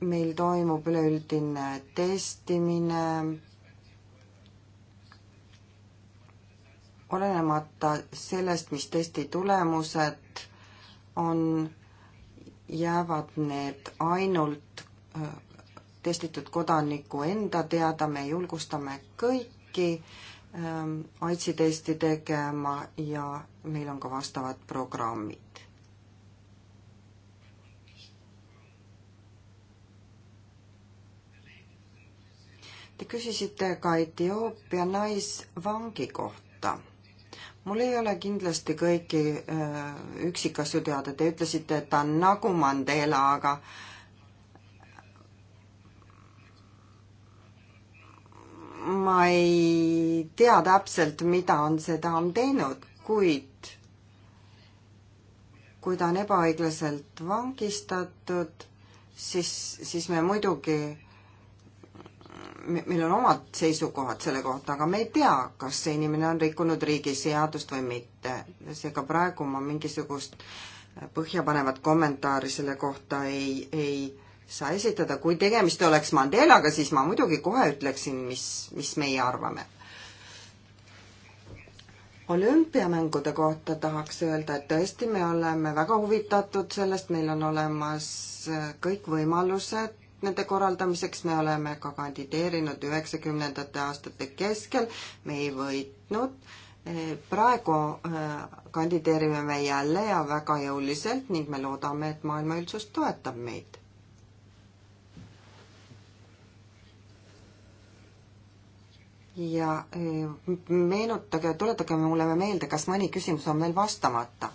meil toimub üleüldine testimine, olenemata sellest, mis testi tulemused on, jäävad need ainult äh, testitud kodaniku enda teada, me julgustame kõiki ähm, AIDSi testi tegema ja meil on ka vastavad programmid Te küsisite ka Etioopia naisvangi kohta mul ei ole kindlasti kõiki äh, üksikasju teada, te ütlesite, et ta on nagu Mandela, aga ma ei tea täpselt, mida on see daam teinud, kuid kui ta on ebaõiglaselt vangistatud, siis, siis me muidugi meil on omad seisukohad selle kohta, aga me ei tea, kas see inimene on rikkunud riigi seadust või mitte. seega praegu ma mingisugust äh, põhjapanevat kommentaari selle kohta ei, ei saa esitada. kui tegemist oleks Mandelaga, siis ma muidugi kohe ütleksin, mis, mis meie arvame. olümpiamängude kohta tahaks öelda, et tõesti, me oleme väga huvitatud sellest, meil on olemas äh, kõik võimalused nende korraldamiseks, me oleme ka kandideerinud üheksakümnendate aastate keskel, me ei võitnud. Eh, praegu eh, kandideerime me jälle ja väga jõuliselt ning me loodame, et maailma üldsus toetab meid. ja eh, meenutage, tuletage mulle meelde, kas mõni küsimus on veel vastamata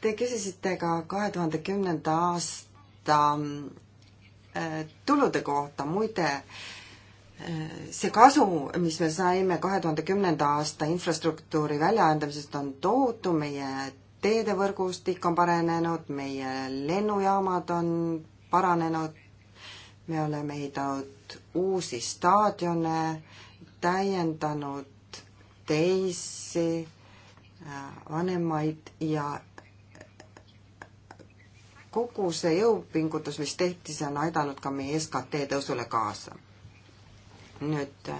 Te küsisite ka kahe tuhande kümnenda aasta äh, tulude kohta, muide äh, see kasu, mis me saime kahe tuhande kümnenda aasta infrastruktuuri väljaarendamisest, on tohutu, meie teedevõrgustik on paranenud, meie lennujaamad on paranenud, me oleme ehitanud uusi staadione, täiendanud teisi äh, vanemaid ja kogu see jõupingutus, mis tehti, see on aidanud ka meie SKT tõusule kaasa. nüüd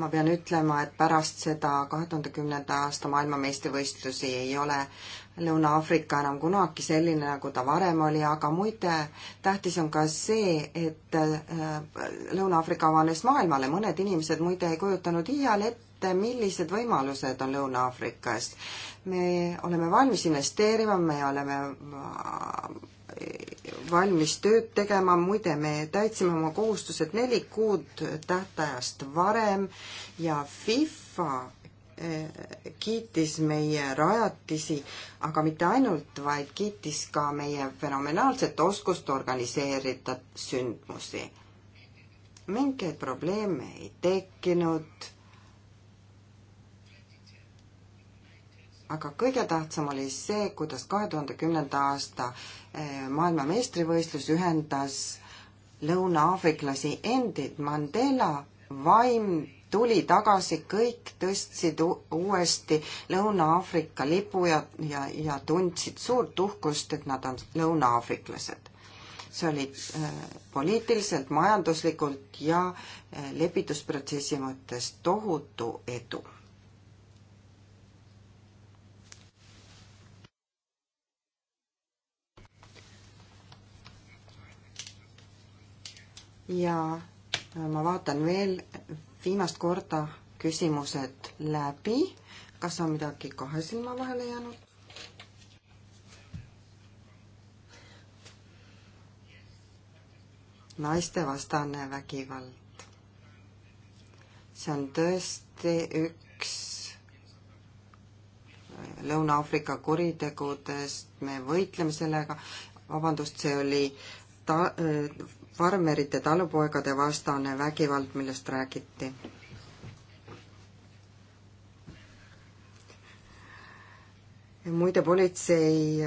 ma pean ütlema, et pärast seda kahe tuhande kümnenda aasta maailmameistrivõistlusi ei ole Lõuna-Aafrika enam kunagi selline, nagu ta varem oli, aga muide, tähtis on ka see, et äh, Lõuna-Aafrika avanes maailmale, mõned inimesed muide ei kujutanud iial ette, millised võimalused on Lõuna-Aafrikas. me oleme valmis investeerima, me oleme valmis tööd tegema, muide me täitsime oma kohustused neli kuud tähtajast varem ja FIFA eh, kiitis meie rajatisi, aga mitte ainult, vaid kiitis ka meie fenomenaalset oskust organiseerida sündmusi. mingeid probleeme ei tekkinud aga kõige tähtsam oli see, kuidas kahe tuhande kümnenda aasta eh, maailmameistrivõistlus ühendas lõuna-aafriklasi endid. Mandela vaim tuli tagasi, kõik tõstsid uuesti Lõuna-Aafrika lipu ja, ja, ja tundsid suurt uhkust, et nad on lõuna-aafriklased. see oli äh, poliitiliselt, majanduslikult ja äh, lepitusprotsessi mõttes tohutu edu ja äh, ma vaatan veel viimast korda küsimused läbi. kas on midagi kahe silma vahele jäänud? naistevastane vägivald. see on tõesti üks äh, Lõuna-Aafrika kuritegudest, me võitleme sellega, vabandust, see oli ta-, äh, farmerite talupoegade vastane vägivald, millest räägiti. muide, politsei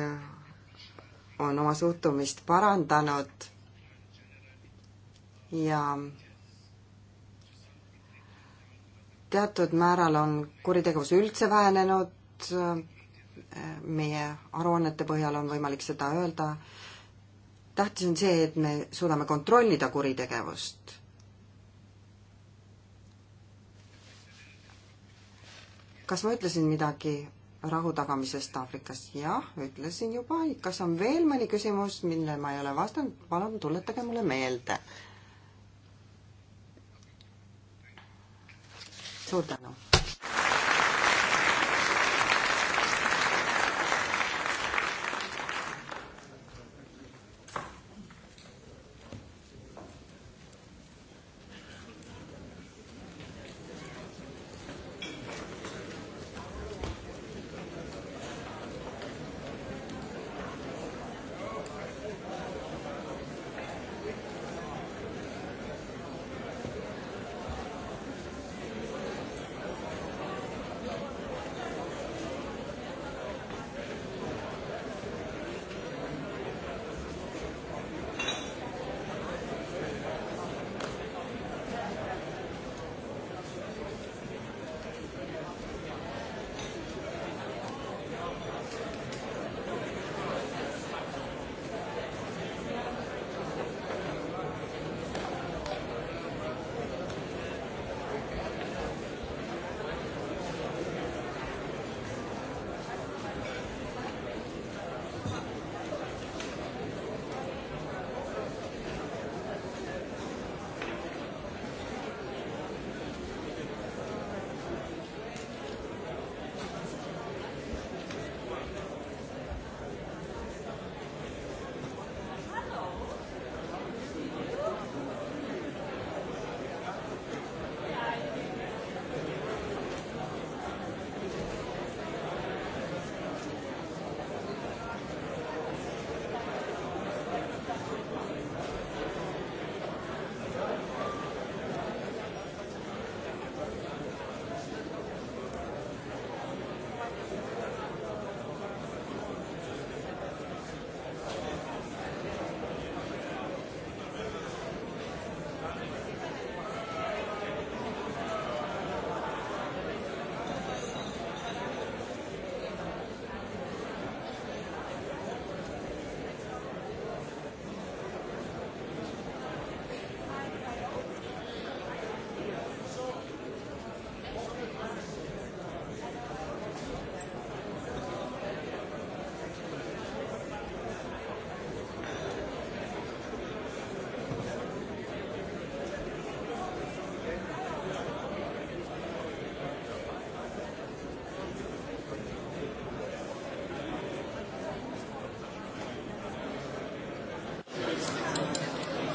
on oma suhtumist parandanud ja teatud määral on kuritegevus üldse vähenenud, meie aruannete põhjal on võimalik seda öelda, tähtis on see, et me suudame kontrollida kuritegevust. kas ma ütlesin midagi rahu tagamisest Aafrikas? jah, ütlesin juba. kas on veel mõni küsimus, millele ma ei ole vastanud? palun tuletage mulle meelde. suur tänu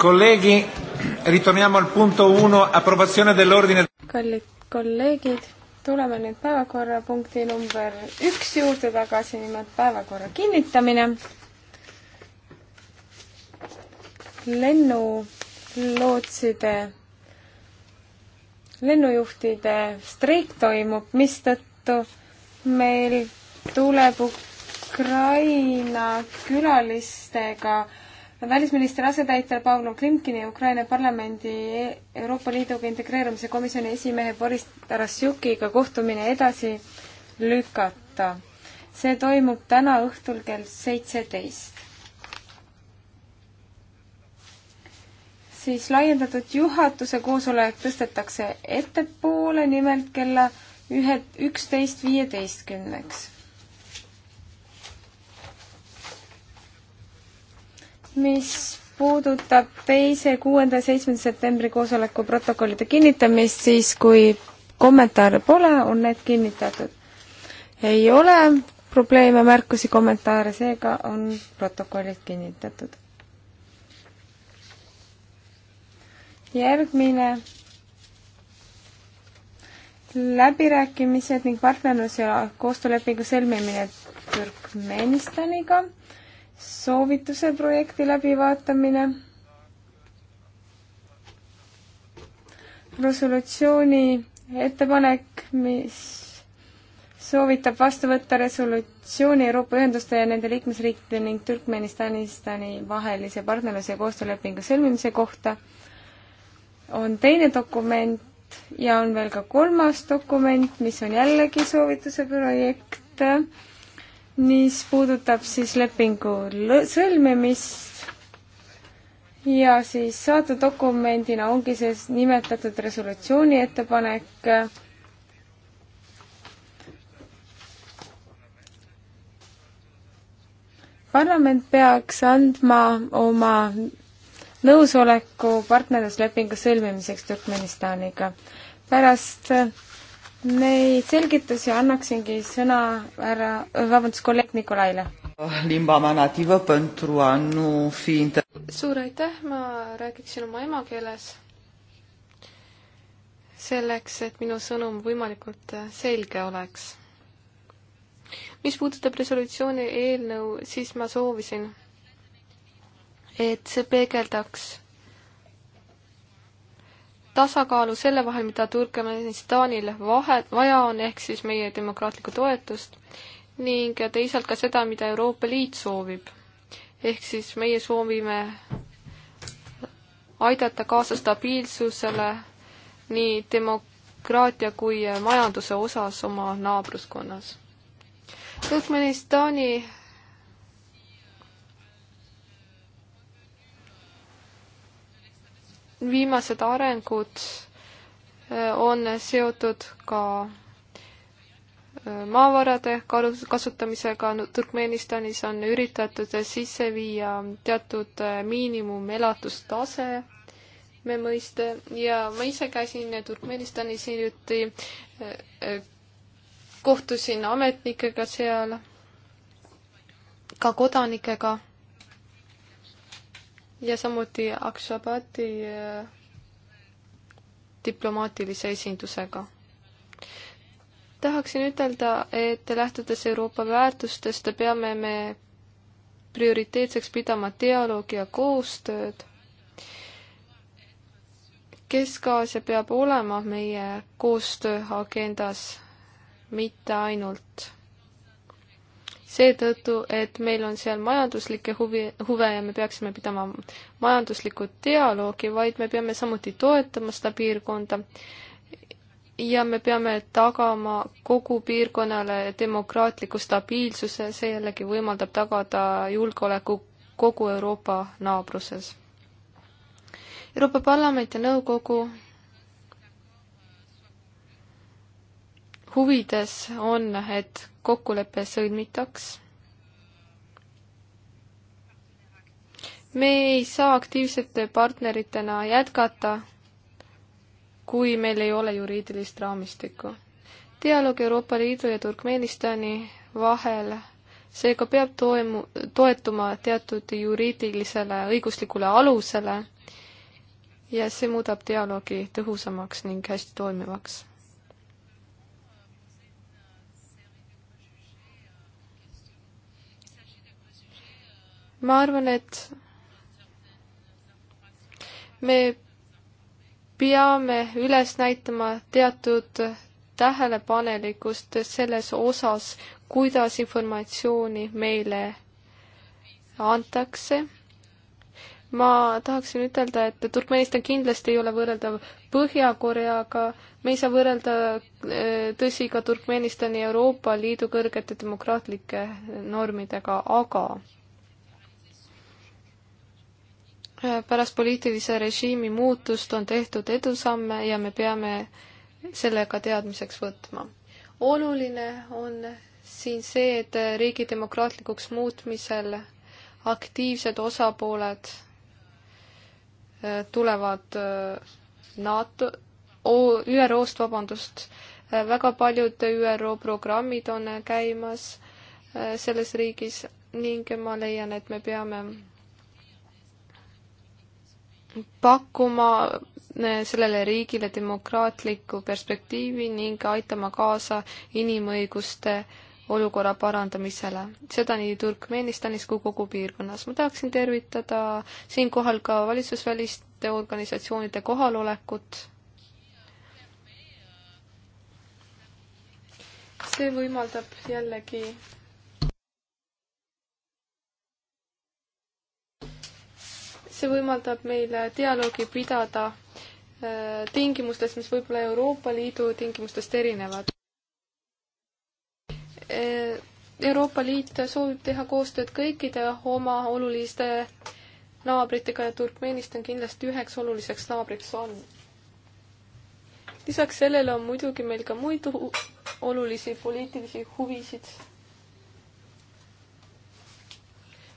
Colleghi, ritorniamo al punto 1, approvazione dell'ordine. Kallid kolleegid, tuleme nüüd päevakorrapunkti number üks juurde tagasi, nimelt päevakorra kinnitamine. lennulootside, lennujuhtide streik toimub, mistõttu meil tuleb Ukraina külalistega välisministri asetäitja Pauno Klimkini ja Ukraina parlamendi e-, Euroopa Liiduga integreerumise komisjoni esimehe Boris Tarasjukiga kohtumine edasi lükata. see toimub täna õhtul kell seitseteist. siis laiendatud juhatuse koosolek tõstetakse ettepoole, nimelt kella ühe, üksteist viieteistkümneks mis puudutab teise, kuuenda ja seitsmenda septembri koosoleku protokollide kinnitamist, siis kui kommentaare pole, on need kinnitatud. ei ole probleeme, märkusi, kommentaare, seega on protokollid kinnitatud. järgmine läbirääkimised ning partnerlus- ja koostöölepingu sõlmimine Türkmenistaniga soovituse projekti läbivaatamine, resolutsiooni ettepanek, mis soovitab vastu võtta resolutsiooni Euroopa Ühenduste ja nende liikmesriikide ning Türkmenistani vahelise partnerluse ja koostöölepingu sõlmimise kohta, on teine dokument ja on veel ka kolmas dokument, mis on jällegi soovituse projekt, mis puudutab siis lepingu sõlmimist ja siis saatedokumendina ongi see nimetatud resolutsiooni ettepanek parlament peaks andma oma nõusoleku partnerluslepingu sõlmimiseks Turkmenistaniga. pärast Neid selgitusi annaksingi sõna härra, vabandust, kolleeg Nikolaile. limba manativă pentru a nu fi inter-. suur aitäh, ma räägiksin oma emakeeles. selleks, et minu sõnum võimalikult selge oleks. mis puudutab resolutsiooni eelnõu, siis ma soovisin, et see peegeldaks tasakaalu selle vahel, mida Turkmenistanil vahe, vaja on, ehk siis meie demokraatlikku toetust, ning teisalt ka seda, mida Euroopa Liit soovib. ehk siis meie soovime aidata kaasa stabiilsusele nii demokraatia kui majanduse osas oma naabruskonnas. Turkmenistani viimased arengud äh, on seotud ka äh, maavarade kasutamisega Turkmenistanis on üritatud sisse viia teatud äh, miinimumelatustase me mõiste ja ma ise käisin Turkmenistanis hiljuti, kohtusin ametnikega seal, ka kodanikega ja samuti Akshabati äh, diplomaatilise esindusega. tahaksin ütelda, et lähtudes Euroopa väärtustest peame me prioriteetseks pidama dialoogi ja koostööd. Kesk-Aasia peab olema meie koostööagendas, mitte ainult seetõttu, et meil on seal majanduslikke huvi, huve ja me peaksime pidama majanduslikku dialoogi, vaid me peame samuti toetama seda piirkonda ja me peame tagama kogu piirkonnale demokraatliku stabiilsuse, see jällegi võimaldab tagada julgeoleku kogu Euroopa naabruses. Euroopa Parlament ja Nõukogu huvides on, et kokkulepe sõlmitaks. me ei saa aktiivsete partneritena jätkata, kui meil ei ole juriidilist raamistikku. dialoog Euroopa Liidu ja Turkmenistani vahel seega peab toimu, toetuma teatud juriidilisele õiguslikule alusele ja see muudab dialoogi tõhusamaks ning hästi toimivaks. ma arvan, et me peame üles näitama teatud tähelepanelikkust selles osas, kuidas informatsiooni meile antakse ma tahaksin ütelda, et Turkmenistan kindlasti ei ole võrreldav Põhja-Koreaga, me ei saa võrrelda äh, tõsi ka Turkmenistani Euroopa Liidu kõrgete demokraatlike normidega, aga pärast poliitilise režiimi muutust on tehtud edusamme ja me peame selle ka teadmiseks võtma. oluline on siin see, et riigi demokraatlikuks muutmisel aktiivsed osapooled äh, tulevad äh, NATO, ÜRO-st, vabandust, äh, väga paljud ÜRO programmid on käimas selles riigis ning ma leian, et me peame pakkuma eh, sellele riigile demokraatliku perspektiivi ning aitama kaasa inimõiguste olukorra parandamisele, seda nii Turkmenistanis kui kogu piirkonnas. ma tahaksin tervitada siinkohal ka valitsusväliste organisatsioonide kohalolekut. see võimaldab jällegi see võimaldab meil dialoogi pidada äh, tingimustes, mis võib-olla Euroopa Liidu tingimustest erinevad. Äh, Euroopa Liit soovib teha koostööd kõikide oma oluliste naabritega ja Turkmenistan kindlasti üheks oluliseks naabriks on. lisaks sellele on muidugi meil ka muid olulisi poliitilisi huvisid.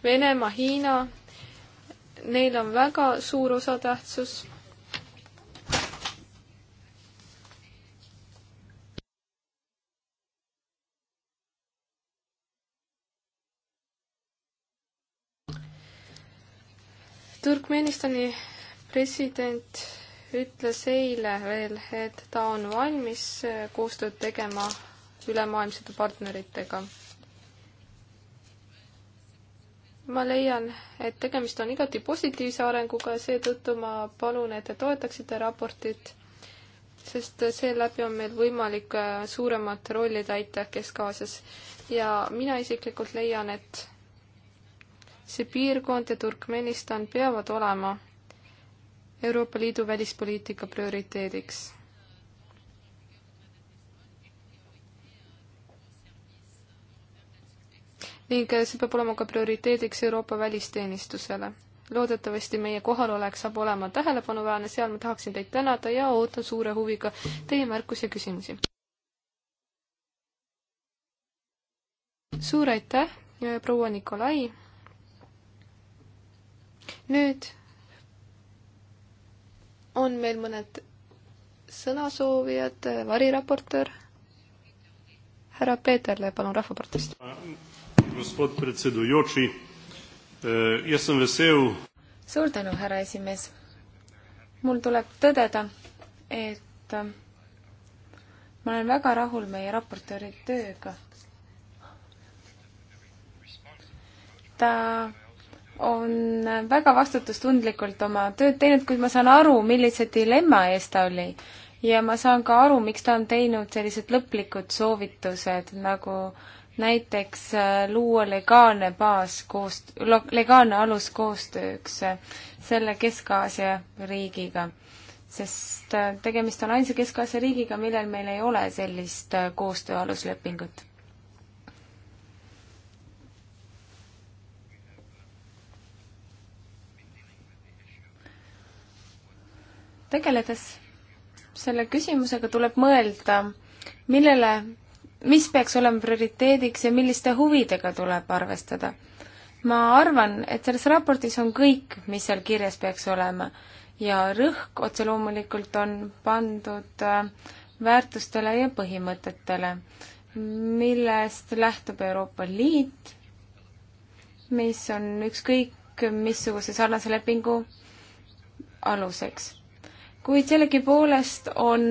Venemaa, Hiina neil on väga suur osatähtsus Turkmenistani president ütles eile veel, et ta on valmis koostööd tegema ülemaailmsete partneritega ma leian, et tegemist on igati positiivse arenguga ja seetõttu ma palun, et te toetaksite raportit, sest seeläbi on meil võimalik äh, suuremat rolli täita Kesk-Aasias. ja mina isiklikult leian, et see piirkond ja Turkmenistan peavad olema Euroopa Liidu välispoliitika prioriteediks ning see peab olema ka prioriteediks Euroopa välisteenistusele. loodetavasti meie kohalolek saab olema tähelepanuväärne, seal ma tahaksin teid tänada ja ootan suure huviga teie märkusi ja küsimusi. suur aitäh, proua Nikolai. nüüd on meil mõned sõnasoovijad, variraportöör, härra Peeterle, palun, Rahvapartist. Äh, gospod predsedujoči. E, jaz sem vesel. suur tänu, härra esimees. mul tuleb tõdeda, et e, ma olen väga rahul meie raportööri tööga. ta on väga vastutustundlikult oma tööd teinud, kuid ma saan aru, millise dilemma ees ta oli. ja ma saan ka aru, miks ta on teinud sellised lõplikud soovitused, nagu näiteks äh, luua legaalne baas koos, legaalne alus koostööks äh, selle Kesk-Aasia riigiga, sest äh, tegemist on ainsa Kesk-Aasia riigiga, millel meil ei ole sellist koostöö aluslepingut. tegeledes selle küsimusega tuleb mõelda, millele mis peaks olema prioriteediks ja milliste huvidega tuleb arvestada. ma arvan, et selles raportis on kõik, mis seal kirjas peaks olema ja rõhk otse loomulikult on pandud äh, väärtustele ja põhimõtetele, millest lähtub Euroopa Liit, mis on ükskõik missuguse sarnase lepingu aluseks kuid sellegipoolest on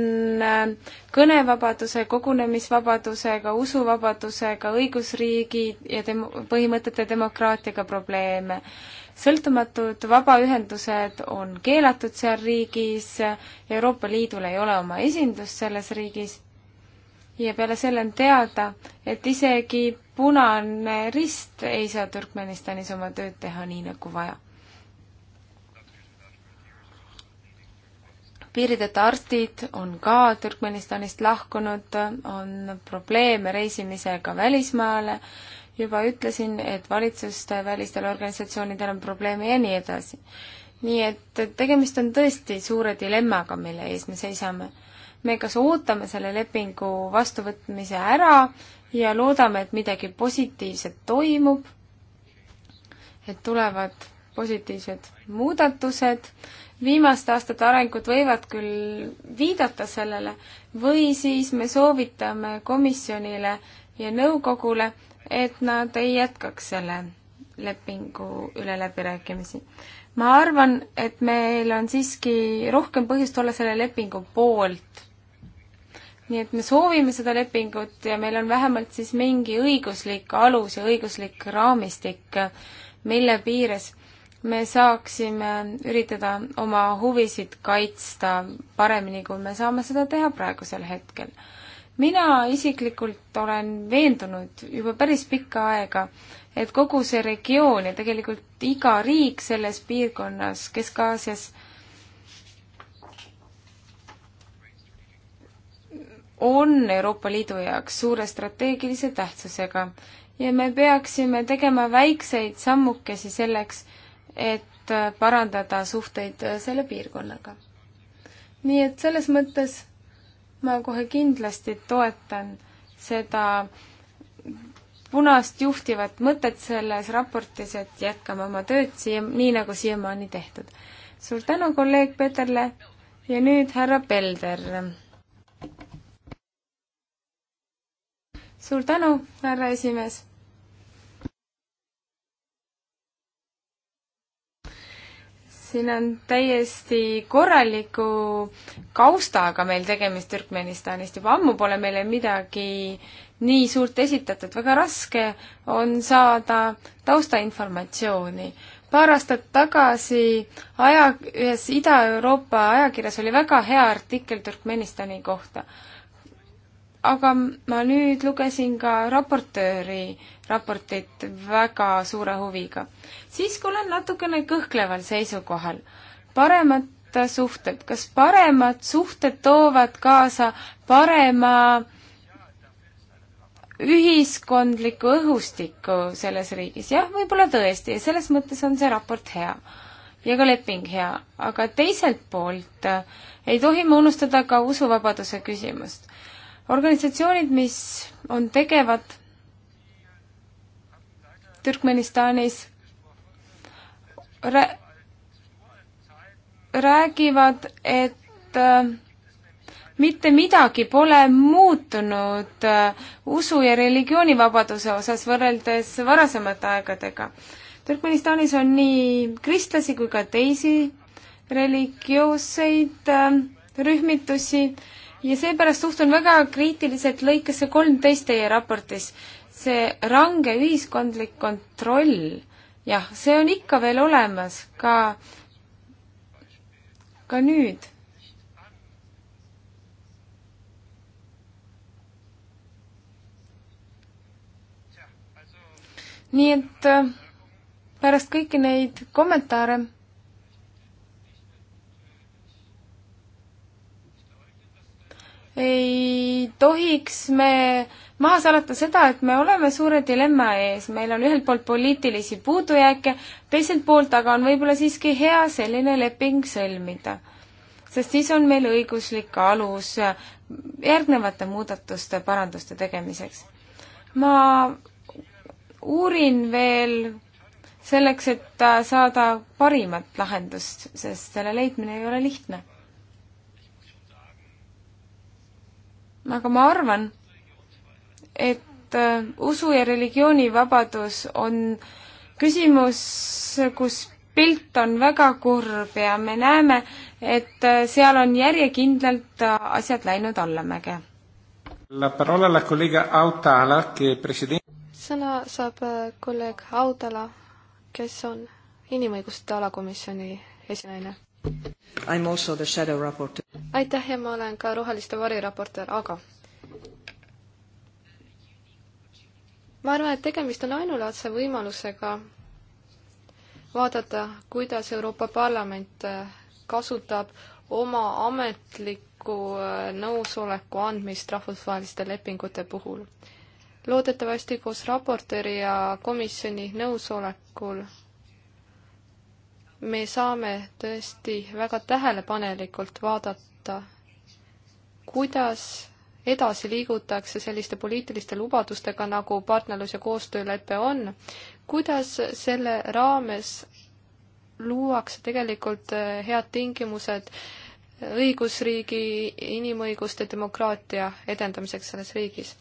äh, kõnevabaduse, kogunemisvabadusega, usuvabadusega, õigusriigi ja dem-, põhimõtete demokraatiaga probleeme. sõltumatud vabaühendused on keelatud seal riigis, Euroopa Liidul ei ole oma esindust selles riigis ja peale selle on teada, et isegi Punane Rist ei saa Türkmenistanis oma tööd teha nii, nagu vaja piirideta arstid on ka Türkmenistanist lahkunud, on probleeme reisimisega välismaale, juba ütlesin, et valitsuste välistel organisatsioonidel on probleeme ja nii edasi. nii et tegemist on tõesti suure dilemmaga, mille ees me seisame. me kas ootame selle lepingu vastuvõtmise ära ja loodame, et midagi positiivset toimub, et tulevad positiivsed muudatused. viimaste aastate arengud võivad küll viidata sellele või siis me soovitame komisjonile ja nõukogule, et nad ei jätkaks selle lepingu üle läbirääkimisi. ma arvan, et meil on siiski rohkem põhjust olla selle lepingu poolt. nii et me soovime seda lepingut ja meil on vähemalt siis mingi õiguslik alus ja õiguslik raamistik, mille piires me saaksime üritada oma huvisid kaitsta paremini, kui me saame seda teha praegusel hetkel. mina isiklikult olen veendunud juba päris pikka aega, et kogu see regioon ja tegelikult iga riik selles piirkonnas Kesk-Aasias on Euroopa Liidu jaoks suure strateegilise tähtsusega ja me peaksime tegema väikseid sammukesi selleks, et parandada suhteid selle piirkonnaga. nii et selles mõttes ma kohe kindlasti toetan seda punast juhtivat mõtet selles raportis, et jätkame oma tööd siia, nii nagu siiamaani tehtud. suur tänu kolleeg Peterle ja nüüd härra Pelder. suur tänu, härra esimees siin on täiesti korraliku kaustaga meil tegemist Türkmenistanist, juba ammu pole meile midagi nii suurt esitatud, väga raske on saada taustainformatsiooni. paar aastat tagasi aja, ühes Ida-Euroopa ajakirjas oli väga hea artikkel Türkmenistani kohta, aga ma nüüd lugesin ka raportööri raportit väga suure huviga. siiski olen natukene kõhkleval seisukohal. paremad suhted, kas paremad suhted toovad kaasa parema ühiskondliku õhustiku selles riigis, jah, võib-olla tõesti ja selles mõttes on see raport hea ja ka leping hea, aga teiselt poolt eh, ei tohi me unustada ka usuvabaduse küsimust organisatsioonid, mis on tegevad Türkmenistanis, räägivad, et äh, mitte midagi pole muutunud äh, usu- ja religioonivabaduse osas võrreldes varasemate aegadega. Türkmenistanis on nii kristlasi kui ka teisi religioosseid äh, rühmitusi ja seepärast suhtun väga kriitiliselt lõikesse kolmteist teie raportis. see range ühiskondlik kontroll, jah, see on ikka veel olemas ka, ka nüüd nii et äh, pärast kõiki neid kommentaare ei tohiks me maha salata seda, et me oleme suure dilemma ees, meil on ühelt poolt poliitilisi puudujääke, teiselt poolt aga on võib-olla siiski hea selline leping sõlmida. sest siis on meil õiguslik alus järgnevate muudatuste, paranduste tegemiseks. ma uurin veel selleks, et saada parimat lahendust, sest selle leidmine ei ole lihtne aga ma arvan, et äh, usu ja religioonivabadus on küsimus, kus pilt on väga kurb ja me näeme, et äh, seal on järjekindlalt äh, asjad läinud allamäge. sõna saab kolleeg Autala, kes on inimõiguste alakomisjoni esinaine aitäh ja ma olen ka Roheliste variraportöör, aga ma arvan, et tegemist on ainulaadse võimalusega vaadata, kuidas Euroopa Parlament äh, kasutab oma ametlikku äh, nõusoleku andmist rahvusvaheliste lepingute puhul. loodetavasti koos raportööri ja komisjoni nõusolekul me saame tõesti väga tähelepanelikult vaadata, kuidas edasi liigutakse selliste poliitiliste lubadustega, nagu partnerlus- ja koostöölepe on, kuidas selle raames luuakse tegelikult eh, head tingimused õigusriigi, inimõiguste, demokraatia edendamiseks selles riigis.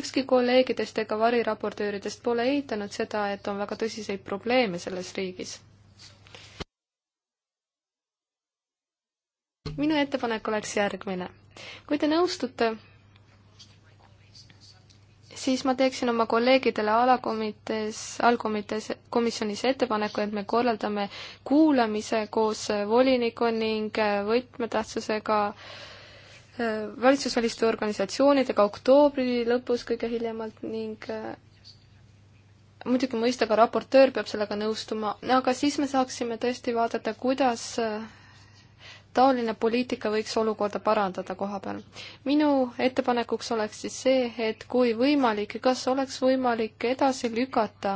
ükski kolleegidest ega variraportööridest pole eitanud seda, et on väga tõsiseid probleeme selles riigis minu ettepanek oleks järgmine. kui te nõustute, siis ma teeksin oma kolleegidele alakomitees, allkomitees, komisjonis ettepaneku, et me korraldame kuulamise koos voliniku ning võtmetähtsusega äh, valitsusväliste organisatsioonidega oktoobri lõpus kõige hiljemalt ning äh, muidugi mõista ka raportöör peab sellega nõustuma, aga siis me saaksime tõesti vaadata, kuidas äh, taoline poliitika võiks olukorda parandada koha peal. minu ettepanekuks oleks siis see, et kui võimalik, kas oleks võimalik edasi lükata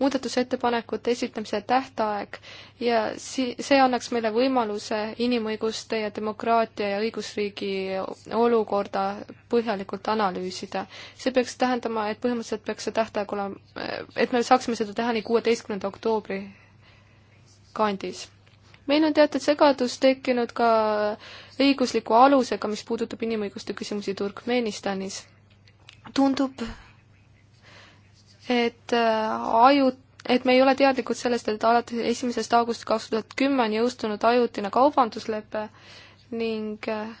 muudatusettepanekute esitamise tähtaeg ja si-, see annaks meile võimaluse inimõiguste ja demokraatia ja õigusriigi olukorda põhjalikult analüüsida. see peaks tähendama, et põhimõtteliselt peaks see tähtaeg olema, et me saaksime seda teha nii kuueteistkümnenda oktoobri kandis meil on teatud segadus tekkinud ka õigusliku alusega, mis puudutab inimõiguste küsimusi Turkmenistanis. tundub, et äh, ajut-, et me ei ole teadlikud sellest, et alates esimesest augustist kaks tuhat kümme on jõustunud ajutine kaubanduslepe ning äh,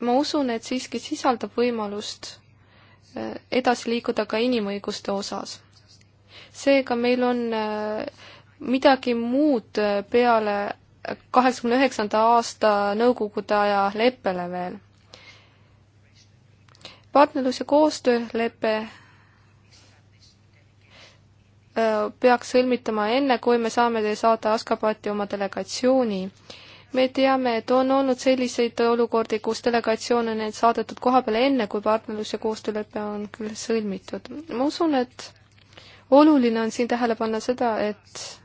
ma usun, et siiski sisaldab võimalust äh, edasi liikuda ka inimõiguste osas. seega meil on midagi muud peale kaheksakümne üheksanda aasta Nõukogude aja leppele veel. partnerlus- ja koostöölepe peaks sõlmitama enne, kui me saame saada Askabati oma delegatsiooni. me teame, et on olnud selliseid olukordi, kus delegatsioon on neid saadetud koha peale enne, kui partnerlus- ja koostöölepe on küll sõlmitud. ma usun, et oluline on siin tähele panna seda, et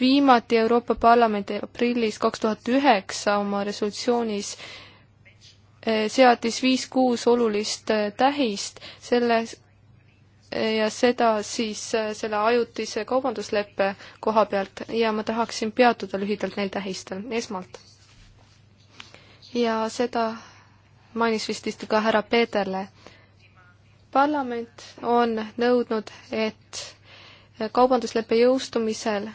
viimati Euroopa Parlament aprillis kaks tuhat üheksa oma resolutsioonis eh, seadis viis-kuus olulist eh, tähist selle eh, ja seda siis selle ajutise kaubandusleppe koha pealt ja ma tahaksin peatuda lühidalt neil tähistel esmalt. ja seda mainis vist vist ka härra Peeterle. parlament on nõudnud, et kaubandusleppe jõustumisel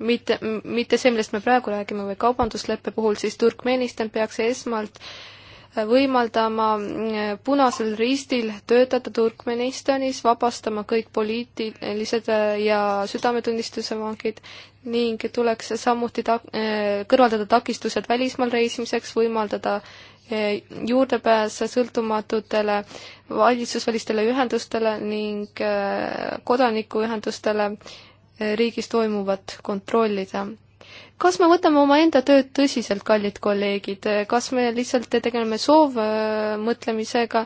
mitte, mitte see, millest me praegu räägime või kaubandusleppe puhul, siis Turkmenistan peaks esmalt äh, võimaldama äh, Punasel Ristil töötada Turkmenistanis, vabastama kõik poliitilised äh, ja südametunnistuse vangid ning tuleks samuti ta-, kõrvaldada takistused välismaal reisimiseks, võimaldada juurdepääs sõltumatutele valitsusvälistele ühendustele ning kodanikuühendustele äh, riigis toimuvat kontrollida. kas me võtame omaenda tööd tõsiselt, kallid kolleegid, kas me lihtsalt tegeleme soovmõtlemisega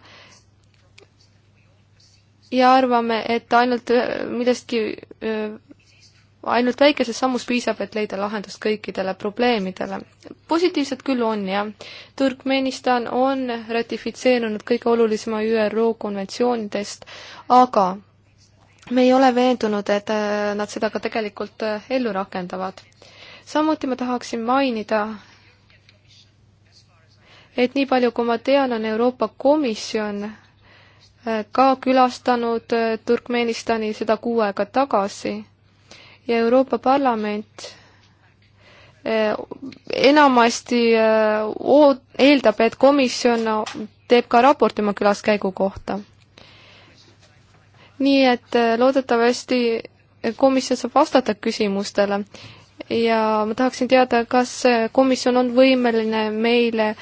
ja arvame, et ainult äh, millestki, äh, ainult väikesest sammust piisab, et leida lahendust kõikidele probleemidele? positiivset küll on, jah. Turkmenistan on ratifitseerunud kõige olulisema ÜRO konventsioonidest, aga me ei ole veendunud, et äh, nad seda ka tegelikult äh, ellu rakendavad. samuti ma tahaksin mainida, et nii palju, kui ma tean, on Euroopa Komisjon äh, ka külastanud Turkmenistani seda kuu aega tagasi ja Euroopa Parlament enamasti eeldab, et komisjon teeb ka raporti oma külaskäigu kohta nii et äh, loodetavasti komisjon saab vastata küsimustele ja ma tahaksin teada, kas äh, komisjon on võimeline meile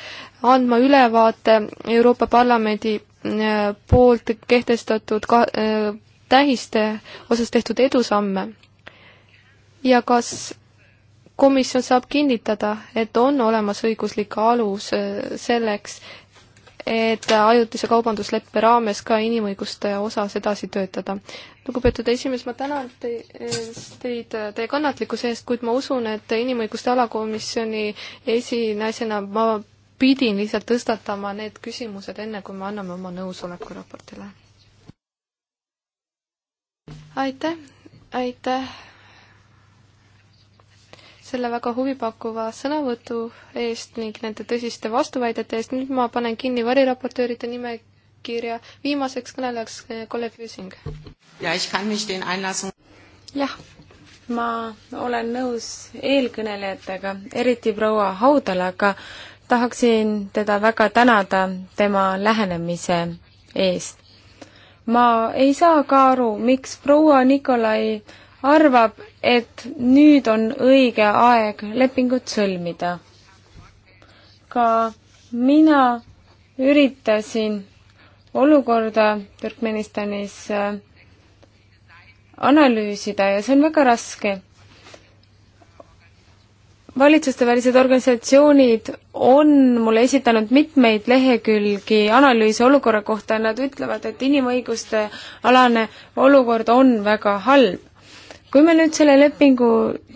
andma ülevaate Euroopa Parlamendi äh, poolt kehtestatud ka, äh, tähiste osas tehtud edusamme ja kas komisjon saab kinnitada, et on olemas õiguslik alus selleks, et ajutise kaubandusleppe raames ka inimõiguste osas edasi töötada. lugupeetud esimees, ma tänan te, teid teie kannatlikkuse eest, kuid ma usun, et inimõiguste alakomisjoni esinaisena ma pidin lihtsalt tõstatama need küsimused, enne kui me anname oma nõusoleku raportile. aitäh, aitäh selle väga huvipakkuva sõnavõtu eest ning nende tõsiste vastuväidete eest. nüüd ma panen kinni variraportööride nimekirja. viimaseks kõnelejaks eh, kolleeg Lüsing. jah, ma olen nõus eelkõnelejatega, eriti proua Haudalaga. tahaksin teda väga tänada tema lähenemise eest. ma ei saa ka aru, miks proua Nikolai arvab, et nüüd on õige aeg lepingut sõlmida. ka mina üritasin olukorda Türkmenistanis äh, analüüsida ja see on väga raske. valitsustevälised organisatsioonid on mulle esitanud mitmeid lehekülgi analüüse olukorra kohta ja nad ütlevad, et inimõiguste alane olukord on väga halb kui me nüüd selle lepingu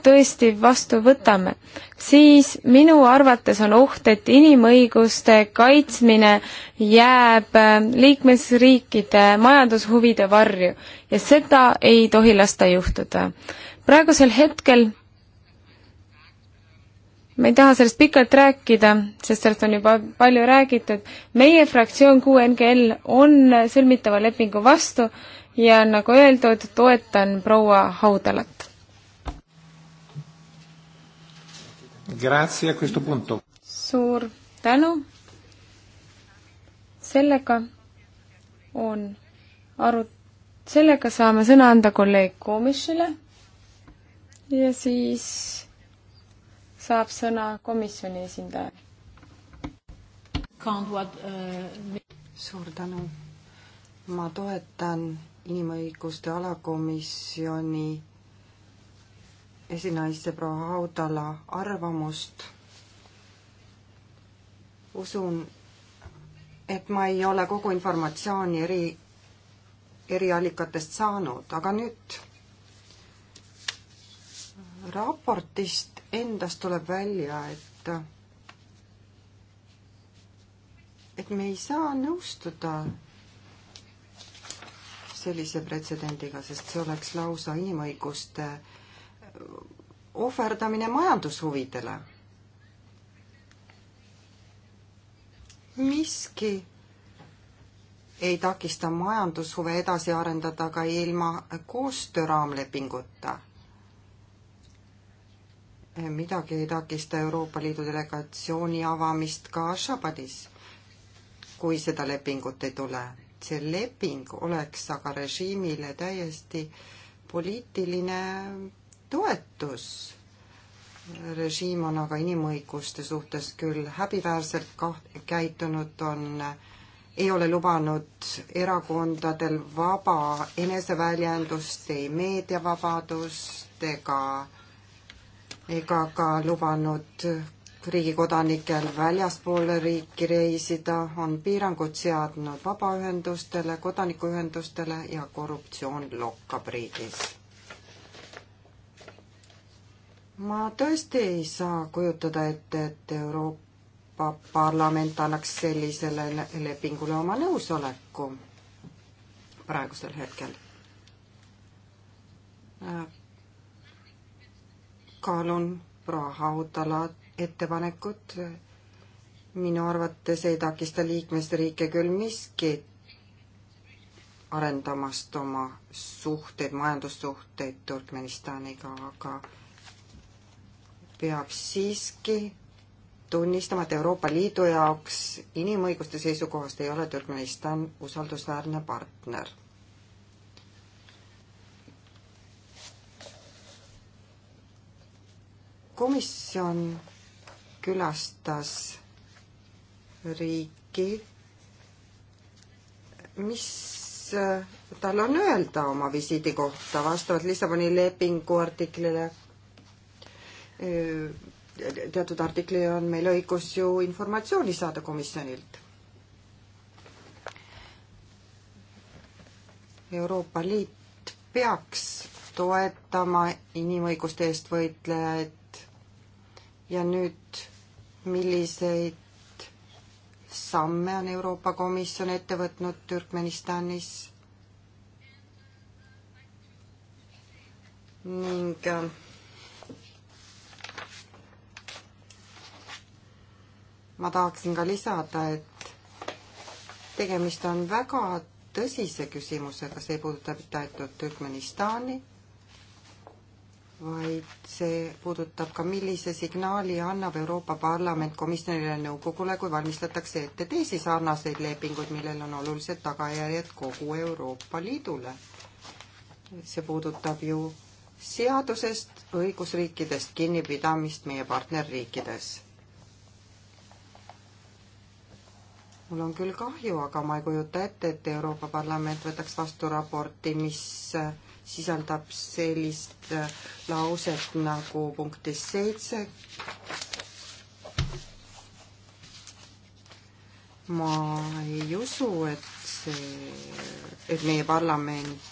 tõesti vastu võtame, siis minu arvates on oht, et inimõiguste kaitsmine jääb äh, liikmesriikide majandushuvide varju ja seda ei tohi lasta juhtuda. praegusel hetkel ma ei taha sellest pikalt rääkida, sest sellest on juba palju räägitud, meie fraktsioon QNGL on sõlmitava lepingu vastu ja nagu öeldud, toetan proua Haudalat. suur tänu. sellega on arut-, sellega saame sõna anda kolleeg Komisjonile ja siis saab sõna komisjoni esindaja. Uh, suur tänu. ma toetan inimõiguste alakomisjoni esinaise proua Haudala arvamust. usun, et ma ei ole kogu informatsiooni eri, eriallikatest saanud, aga nüüd raportist endast tuleb välja, et et me ei saa nõustuda sellise pretsedendiga, sest see oleks lausa inimõiguste ohverdamine majandushuvidele. miski ei takista majandushuve edasi arendada ka ilma koostöö raamlepinguta. midagi ei takista Euroopa Liidu delegatsiooni avamist ka Ashabadis, kui seda lepingut ei tule see leping oleks aga režiimile täiesti poliitiline toetus. režiim on aga inimõiguste suhtes küll häbiväärselt kaht-, käitunud, on, ei ole lubanud erakondadel vaba eneseväljendust, ei meediavabadust ega ega ka lubanud riigi kodanikel väljaspoole riiki reisida, on piirangud seadnud vabaühendustele, kodanikuühendustele ja korruptsioon lokkab riigis. ma tõesti ei saa kujutada ette, et Euroopa Parlament annaks sellisele lepingule oma nõusoleku praegusel hetkel äh, kaalun proua Haudala ettepanekut. minu arvates ei takista liikmesriike küll miski arendamast oma suhteid, majandussuhteid Turkmenistaniga, aga peab siiski tunnistama, et Euroopa Liidu jaoks inimõiguste seisukohast ei ole Türkmenistan usaldusväärne partner komisjon külastas riiki, mis äh, tal on öelda oma visiidi kohta vastavalt Lissaboni lepingu artiklile? Äh, teatud artiklile on meil õigus ju informatsiooni saada komisjonilt. Euroopa Liit peaks toetama inimõiguste eest võitlejaid ja nüüd milliseid samme on Euroopa Komisjon ette võtnud Türkmenistanis ning äh, ma tahaksin ka lisada, et tegemist on väga tõsise küsimusega, see ei puuduta mitte ainult Türkmenistani vaid see puudutab ka, millise signaali annab Euroopa Parlament komisjonile ja nõukogule, kui valmistatakse ette teisi sarnaseid lepinguid, millel on olulised tagajärjed kogu Euroopa Liidule. see puudutab ju seadusest, õigusriikidest kinnipidamist meie partnerriikides. mul on küll kahju, aga ma ei kujuta ette, et Euroopa Parlament võtaks vastu raporti, mis äh, sisaldab sellist äh, lauset nagu punktis seitse. ma ei usu, et see, et meie parlament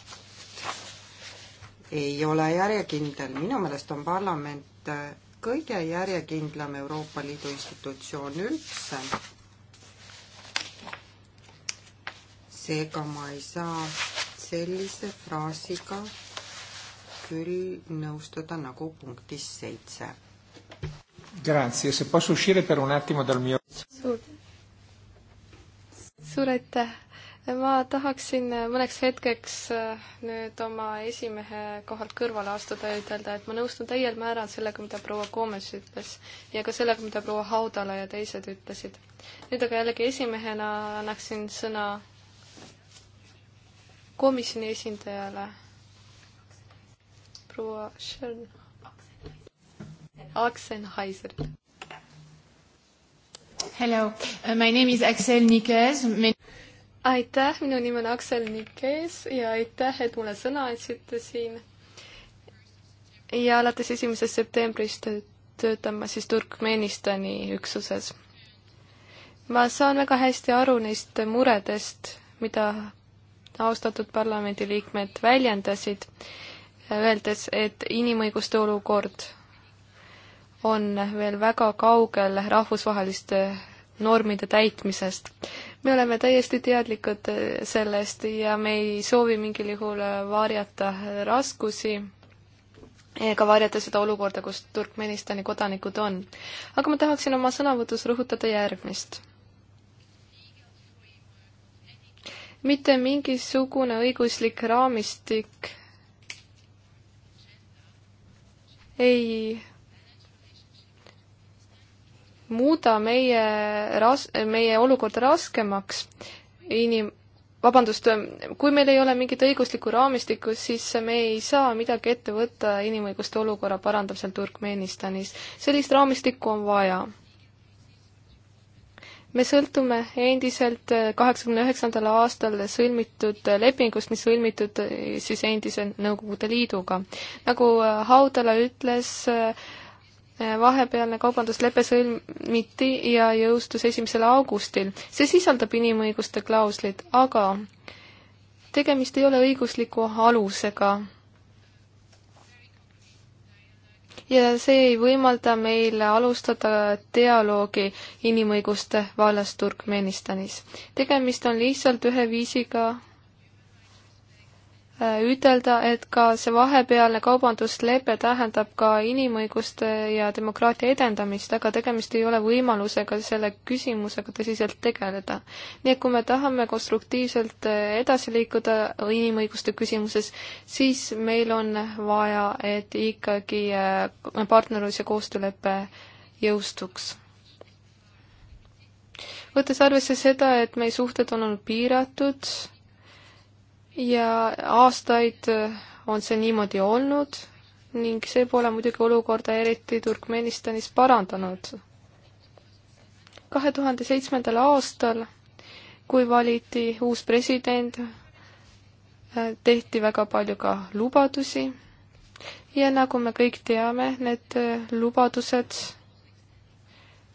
ei ole järjekindel, minu meelest on parlament äh, kõige järjekindlam Euroopa Liidu institutsioon üldse seega ma ei saa sellise fraasiga küll nõustuda nagu punktis seitse. Grazie, se posso uscire per un attimo dal mio suur, suur aitäh! ma tahaksin mõneks hetkeks äh, nüüd oma esimehe kohalt kõrvale astuda ja ütelda, et ma nõustun täiel määral sellega, mida proua Koomes ütles ja ka sellega, mida proua Haudala ja teised ütlesid. nüüd aga jällegi esimehena annaksin sõna komisjoni esindajale proua Schön Aksenheiser. Hello, uh, my name is Aksel Nikes Min.... aitäh, minu nimi on Aksel Nikes ja aitäh, et mulle sõna andsite siin. ja alates esimesest septembrist töötan ma siis Turkmenistani üksuses. ma saan väga hästi aru neist muredest, mida austatud parlamendiliikmed väljendasid, öeldes, et inimõiguste olukord on veel väga kaugel rahvusvaheliste normide täitmisest. me oleme täiesti teadlikud sellest ja me ei soovi mingil juhul varjata raskusi ega varjata seda olukorda, kus Turkmenistani kodanikud on. aga ma tahaksin oma sõnavõtus rõhutada järgmist mitte mingisugune õiguslik raamistik ei muuda meie ras-, meie olukorda raskemaks inim-, vabandust, kui meil ei ole mingit õiguslikku raamistikku, siis me ei saa midagi ette võtta inimõiguste olukorra parandamisel Turkmenistanis. sellist raamistikku on vaja me sõltume endiselt äh, kaheksakümne üheksandal aastal sõlmitud äh, lepingust, mis sõlmitud äh, siis endise Nõukogude Liiduga. nagu Haudala ütles, vahepealne kaubanduslepe sõlmiti ja jõustus esimesel augustil. see sisaldab inimõiguste klauslit, aga tegemist ei ole õigusliku alusega ja see ei võimalda meil alustada dialoogi inimõiguste vallas Turkmenistanis. tegemist on lihtsalt ühe viisiga Äh, ütelda, et ka see vahepealne kaubanduslepe tähendab ka inimõiguste ja demokraatia edendamist, aga tegemist ei ole võimalusega selle küsimusega tõsiselt tegeleda. nii et kui me tahame konstruktiivselt äh, edasi liikuda inimõiguste küsimuses, siis meil on vaja, et ikkagi äh, partnerlus- ja koostöölepe jõustuks võttes arvesse seda, et meie suhted on olnud piiratud ja aastaid äh, on see niimoodi olnud ning see pole muidugi olukorda eriti Turkmenistanis parandanud. kahe tuhande seitsmendal aastal, kui valiti uus president, äh, tehti väga palju ka lubadusi ja nagu me kõik teame, need äh, lubadused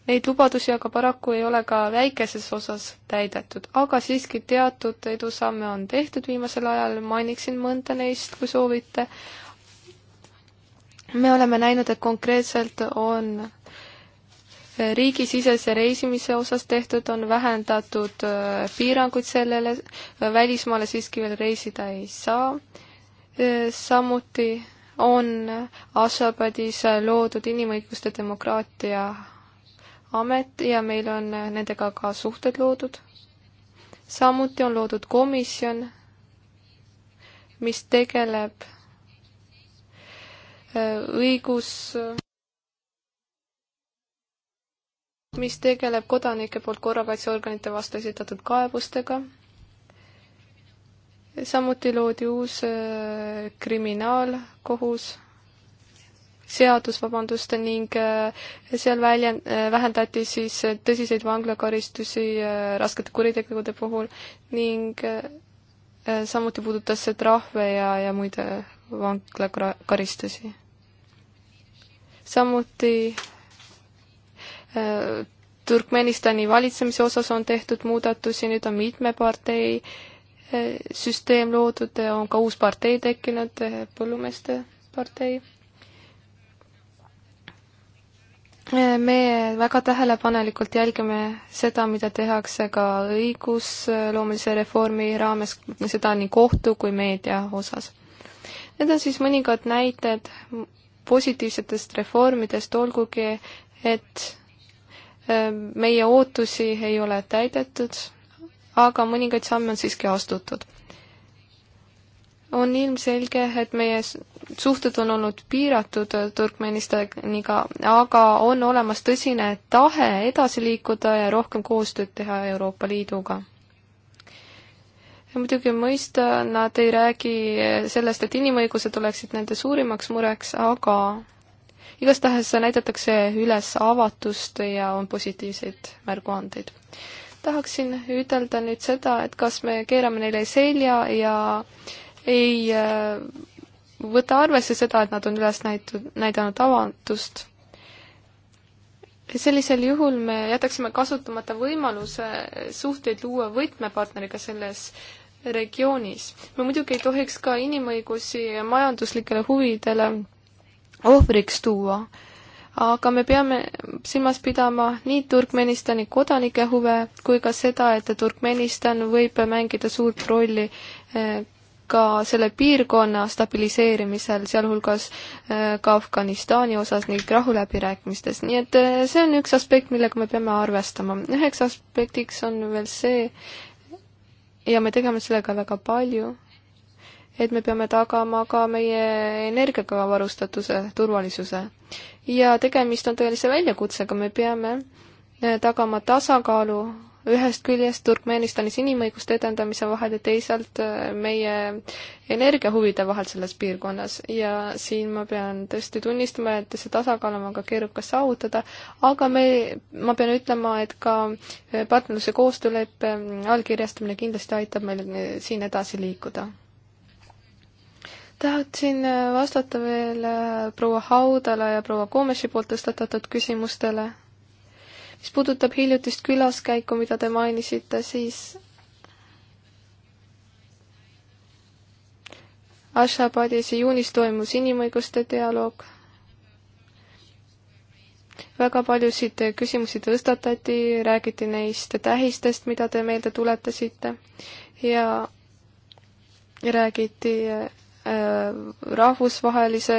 Neid lubadusi aga paraku ei ole ka väikeses osas täidetud, aga siiski teatud edusamme on tehtud viimasel ajal, mainiksin mõnda neist, kui soovite. me oleme näinud, et konkreetselt on riigisisese reisimise osas tehtud, on vähendatud äh, piiranguid sellele, välismaale siiski veel reisida ei saa. Äh, samuti on Ashabadis loodud inimõiguste demokraatia amet ja meil on nendega ka suhted loodud. samuti on loodud komisjon, mis tegeleb äh, õigus, mis tegeleb kodanike poolt korrakaitseorganite vastu esitatud kaebustega. samuti loodi uus äh, kriminaalkohus seadus, vabandust, ning äh, seal välja, äh, vähendati siis tõsiseid vanglakaristusi äh, raskete kuritegude puhul ning samuti puudutas see trahve ja, ja muid vanglakaristusi. samuti Turkmenistani valitsemise osas on tehtud muudatusi, nüüd on mitme partei süsteem loodud, on ka uus partei tekkinud, põllumeeste partei. me väga tähelepanelikult jälgime seda, mida tehakse ka õigusloomelise reformi raames, seda nii kohtu kui meedia osas. Need on siis mõningad näited positiivsetest reformidest, olgugi et meie ootusi ei ole täidetud, aga mõningaid samme on siiski astutud on ilmselge, et meie suhted on olnud piiratud Turkmenistaniga, aga on olemas tõsine tahe edasi liikuda ja rohkem koostööd teha Euroopa Liiduga. ja muidugi mõista, nad ei räägi sellest, et inimõigused oleksid nende suurimaks mureks, aga igastahes näidatakse üles avatust ja on positiivseid märguandeid. tahaksin ütelda nüüd seda, et kas me keerame neile selja ja äh, ei äh, võta arvesse seda, et nad on üles näitud, näidanud avandust. sellisel juhul me jätaksime kasutamata võimaluse suhteid luua võtmepartneriga selles regioonis. me muidugi ei tohiks ka inimõigusi majanduslikele huvidele ohvriks tuua, aga me peame silmas pidama nii Turkmenistani kodanike huve kui ka seda, et Turkmenistan võib mängida suurt rolli äh, ka selle piirkonna stabiliseerimisel, sealhulgas äh, ka Afganistani osas ning rahuläbirääkimistes, nii et äh, see on üks aspekt, millega me peame arvestama. üheks aspektiks on veel see, ja me tegeme sellega väga palju, et me peame tagama ka meie energiaga varustatuse, turvalisuse. ja tegemist on tõelise väljakutsega, me peame äh, tagama tasakaalu ühest küljest Turkmenistanis inimõiguste edendamise vahel ja teisalt äh, meie energiahuvide vahel selles piirkonnas ja siin ma pean tõesti tunnistama, et see tasakaal on väga keerukas saavutada, aga me, ma pean ütlema, et ka äh, partnerluse koostööleppe äh, allkirjastamine kindlasti aitab meil siin edasi liikuda. tahaksin vastata veel proua Haudala ja proua Komeši poolt tõstatatud küsimustele mis puudutab hiljutist külaskäiku, mida te mainisite, siis Ashabadis juunis toimus inimõiguste dialoog. väga paljusid küsimusi tõstatati, räägiti neist tähistest, mida te meelde tuletasite ja räägiti Äh, rahvusvahelise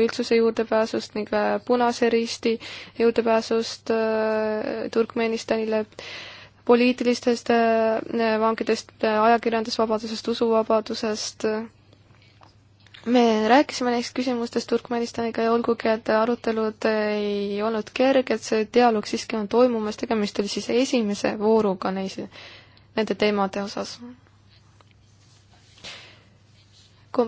üldsuse juurdepääsust ning äh, Punase Risti juurdepääsust äh, Turkmenistanile, poliitilistest vangidest, ajakirjandusvabadusest, usuvabadusest. me rääkisime neist küsimustest Turkmenistaniga ja olgugi, et arutelud ei olnud kerged, see dialoog siiski on toimumas, tegemist oli siis esimese vooruga neis, nende teemade osas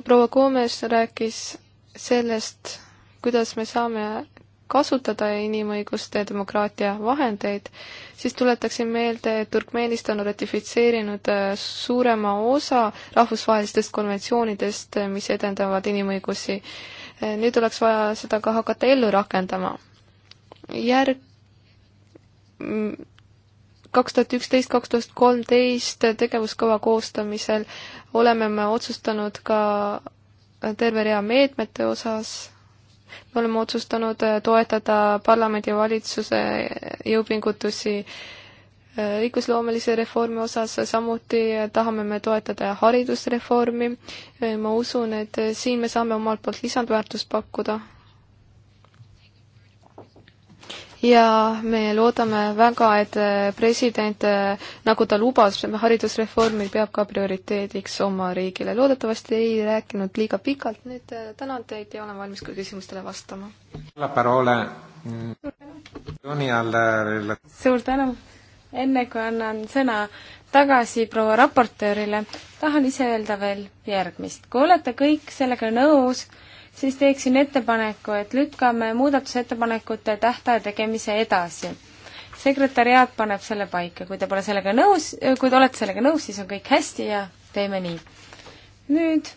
proua Gomes rääkis sellest, kuidas me saame kasutada inimõiguste ja demokraatia vahendeid, siis tuletaksin meelde, et Turkmenistan on ratifitseerinud äh, suurema osa rahvusvahelistest konventsioonidest, äh, mis edendavad inimõigusi. Äh, nüüd oleks vaja seda ka hakata ellu rakendama. järg kaks tuhat üksteist, kaks tuhat kolmteist tegevuskava koostamisel oleme me otsustanud ka terve rea meetmete osas. me oleme otsustanud toetada parlamendi ja valitsuse jõupingutusi õigusloomelise reformi osas, samuti tahame me toetada haridusreformi. ma usun, et siin me saame omalt poolt lisandväärtust pakkuda ja me loodame väga, et äh, president, äh, nagu ta lubas, haridusreformi peab ka prioriteediks oma riigile. loodetavasti ei rääkinud liiga pikalt, nüüd äh, tänan teid ja olen valmis ka küsimustele vastama. Mm, suur tänu! enne kui annan sõna tagasi proua raportöörile, tahan ise öelda veel järgmist. kui olete kõik sellega nõus, siis teeksin ettepaneku, et lükkame muudatusettepanekute tähtaja tegemise edasi. sekretäriaat paneb selle paika, kui te pole sellega nõus, kui te olete sellega nõus, siis on kõik hästi ja teeme nii. nüüd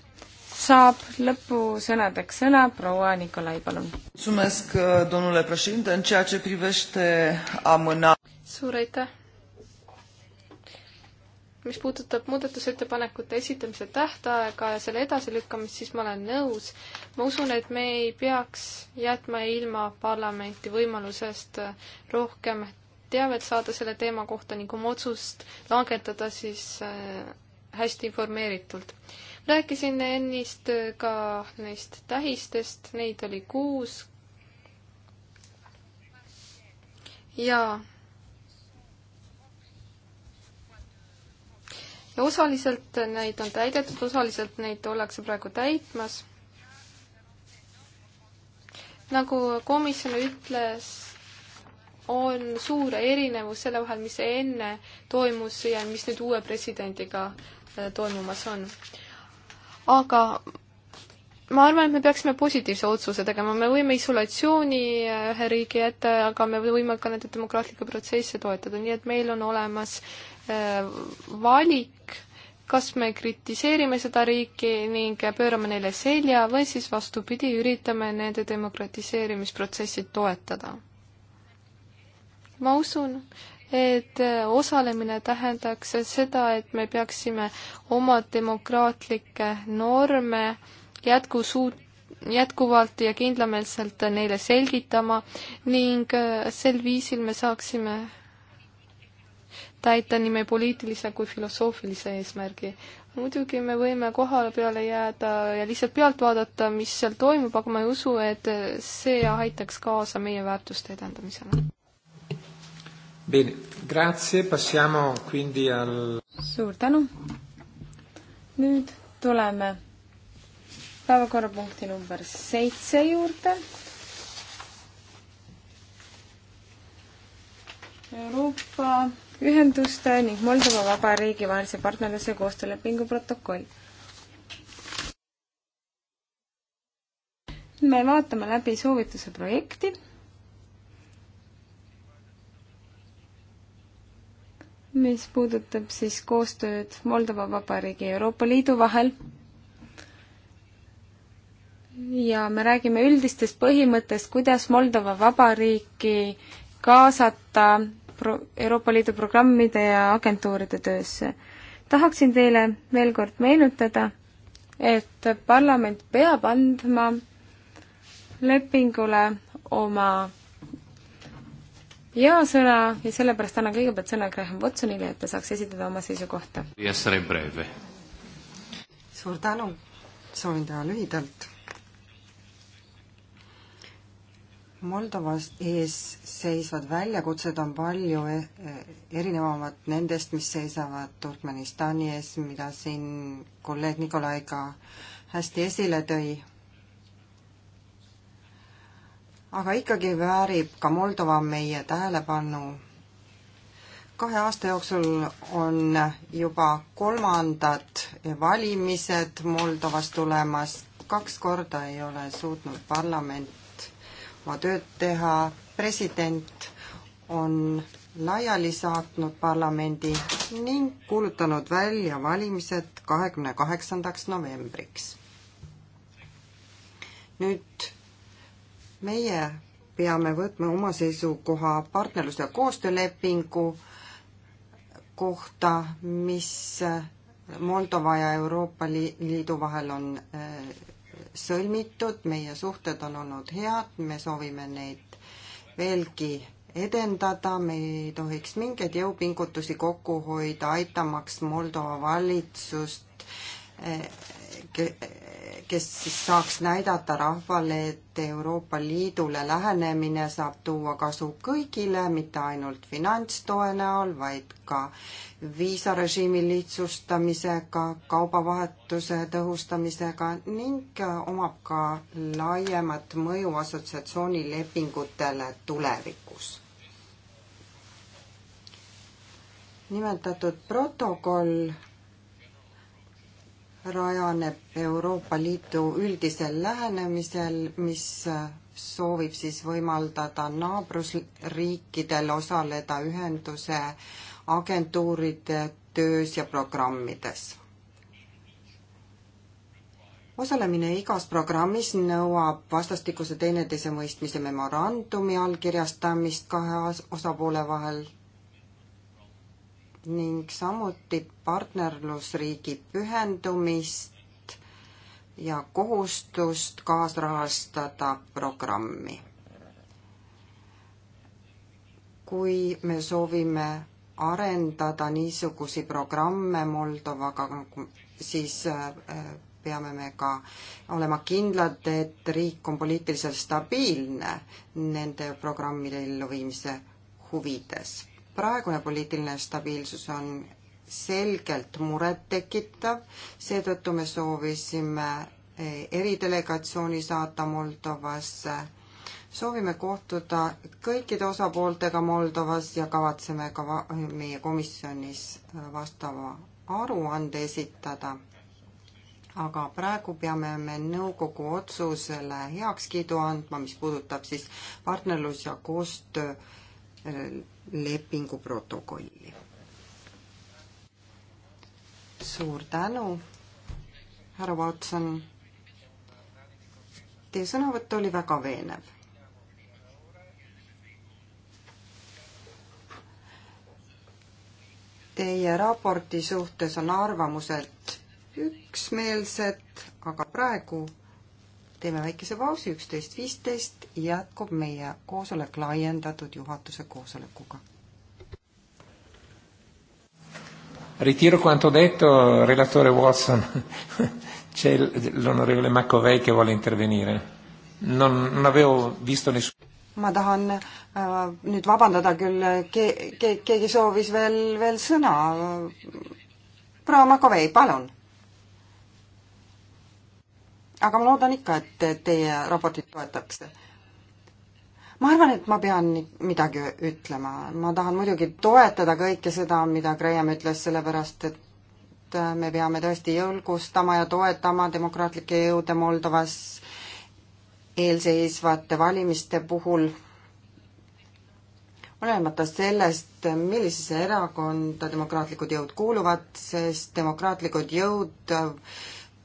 saab lõpusõnadeks sõna proua Nikolai, palun. suur aitäh mis puudutab muudatusettepanekute esitamise tähtaega ja selle edasilükkamist, siis ma olen nõus. ma usun, et me ei peaks jätma ilma parlamenti võimalusest rohkem teavet saada selle teema kohta ning oma otsust langetada siis äh, hästi informeeritult. rääkisin ennist ka neist tähistest, neid oli kuus. jaa ja osaliselt neid on täidetud, osaliselt neid ollakse praegu täitmas. nagu komisjon ütles, on suur erinevus selle vahel, mis enne toimus ja mis nüüd uue presidendiga äh, toimumas on. aga ma arvan, et me peaksime positiivse otsuse tegema, me võime isolatsiooni ühe äh, riigi jätta, aga me võime ka nende demokraatlikke protsesse toetada, nii et meil on olemas valik, kas me kritiseerime seda riiki ning pöörame neile selja või siis vastupidi, üritame nende demokratiseerimisprotsessi toetada. ma usun, et osalemine tähendaks seda, et me peaksime oma demokraatlikke norme jätkusuut-, jätkuvalt ja kindlameelselt neile selgitama ning sel viisil me saaksime täita nii meie poliitilise kui filosoofilise eesmärgi. muidugi me võime kohale peale jääda ja lihtsalt pealt vaadata, mis seal toimub, aga ma ei usu, et see aitaks kaasa meie väärtuste edendamisele. Bene, grazie, passiamo quindi al suur tänu. nüüd tuleme päevakorrapunkti number seitse juurde Euroopa ühenduste ning Moldova Vabariigi vahelise partnerluse koostöölepingu protokoll. me vaatame läbi soovituse projekti. mis puudutab siis koostööd Moldova Vabariigi ja Euroopa Liidu vahel. ja me räägime üldistest põhimõttest, kuidas Moldova Vabariiki kaasata pro-, Euroopa Liidu programmide ja agentuuride töösse. tahaksin teile veel kord meenutada, et parlament peab andma lepingule oma jaa sõna ja sellepärast annan kõigepealt sõna Graham Watsonile, et ta saaks esitada oma seisukohta. suur tänu, soovin teha lühidalt Moldovas ees seisvad väljakutsed on palju eh, eh, erinevamad nendest, mis seisavad Turkmenistani ees, mida siin kolleeg Nikolai ka hästi esile tõi. aga ikkagi väärib ka Moldova meie tähelepanu. kahe aasta jooksul on juba kolmandad valimised Moldovas tulemas, kaks korda ei ole suutnud parlament oma tööd teha. president on laiali saatnud parlamendi ning kuulutanud välja valimised kahekümne kaheksandaks novembriks. nüüd meie peame võtma oma seisukoha partnerlus- ja koostöölepingu kohta, mis Moldova ja Euroopa Liidu vahel on äh, sõlmitud, meie suhted on olnud head, me soovime neid veelgi edendada, me ei tohiks mingeid jõupingutusi kokku hoida, aitamaks Moldova valitsust eh, kes siis saaks näidata rahvale, et Euroopa Liidule lähenemine saab tuua kasu kõigile, mitte ainult finantstoe näol, vaid ka viisarežiimi lihtsustamisega, kaubavahetuse tõhustamisega ning omab ka laiemat mõju assotsiatsioonilepingutele tulevikus nimetatud protokoll rajaneb Euroopa Liidu üldisel lähenemisel, mis äh, soovib siis võimaldada naabrusriikidel osaleda ühenduse agentuuride töös ja programmides. osalemine igas programmis nõuab vastastikuse teineteise mõistmise memorandumi allkirjastamist kahe osapoole vahel ning samuti partnerlusriigi pühendumist ja kohustust kaasrahastada programmi. kui me soovime arendada niisugusi programme Moldovaga, siis äh, peame me ka olema kindlad, et riik on poliitiliselt stabiilne nende programmide elluviimise huvides praegune poliitiline stabiilsus on selgelt murettekitav, seetõttu me soovisime eh, eridelegatsiooni saata Moldovasse. soovime kohtuda kõikide osapooltega Moldovas ja kavatseme ka meie komisjonis eh, vastava aruande esitada. aga praegu peame me nõukogu otsusele heakskiidu andma, mis puudutab siis partnerlus- ja koostöö lepingu protokolli. suur tänu, härra Watson. Teie sõnavõtt oli väga veenev. Teie raporti suhtes on arvamused üksmeelsed, aga praegu teeme väikese pausi, üksteist viisteist jätkub meie koosolek laiendatud juhatuse koosolekuga. Ritiro quanto detto, relatore Watson c'è l'onorevole Maccovei che vuole intervenire. Non, non avevo visto nessuno. ma tahan äh, nüüd vabandada küll ke, ke, keegi soovis veel, veel sõna. proua Makovei, palun aga ma loodan ikka, et teie raportit toetakse. ma arvan, et ma pean midagi ütlema, ma tahan muidugi toetada kõike seda, mida Graham ütles, sellepärast et me peame tõesti julgustama ja toetama demokraatlikke jõude Moldovas eelseisvate valimiste puhul, olenemata sellest, millisesse erakonda demokraatlikud jõud kuuluvad, sest demokraatlikud jõud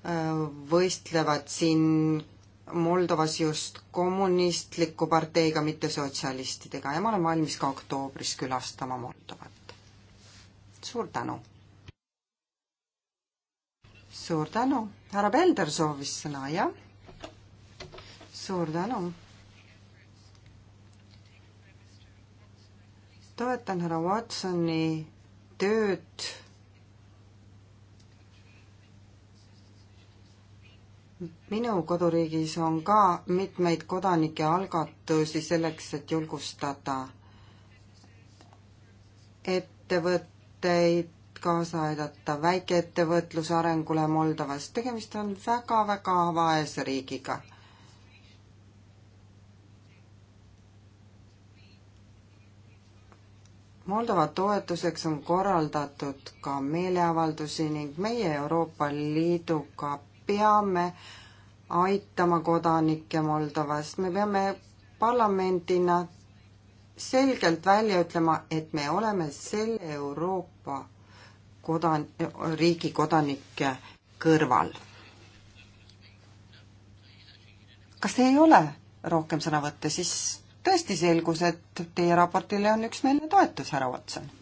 võistlevad siin Moldovas just kommunistliku parteiga, mitte sotsialistidega ja ma olen valmis ka oktoobris külastama Moldovat. suur tänu! suur tänu, härra Pelder soovis sõna, jah? suur tänu! toetan härra Watsoni tööd minu koduriigis on ka mitmeid kodanike algatusi selleks, et julgustada ettevõtteid kaasa aidata väikeettevõtluse arengule Moldovas. tegemist on väga-väga vaese riigiga. Moldova toetuseks on korraldatud ka meeleavaldusi ning meie Euroopa Liiduga peame aitama kodanikke Moldovast, me peame parlamendina selgelt välja ütlema, et me oleme selle Euroopa kodan-, riigi kodanike kõrval. kas ei ole rohkem sõnavõtte, siis tõesti selgus, et teie raportile on üksmeelne toetus, härra Watson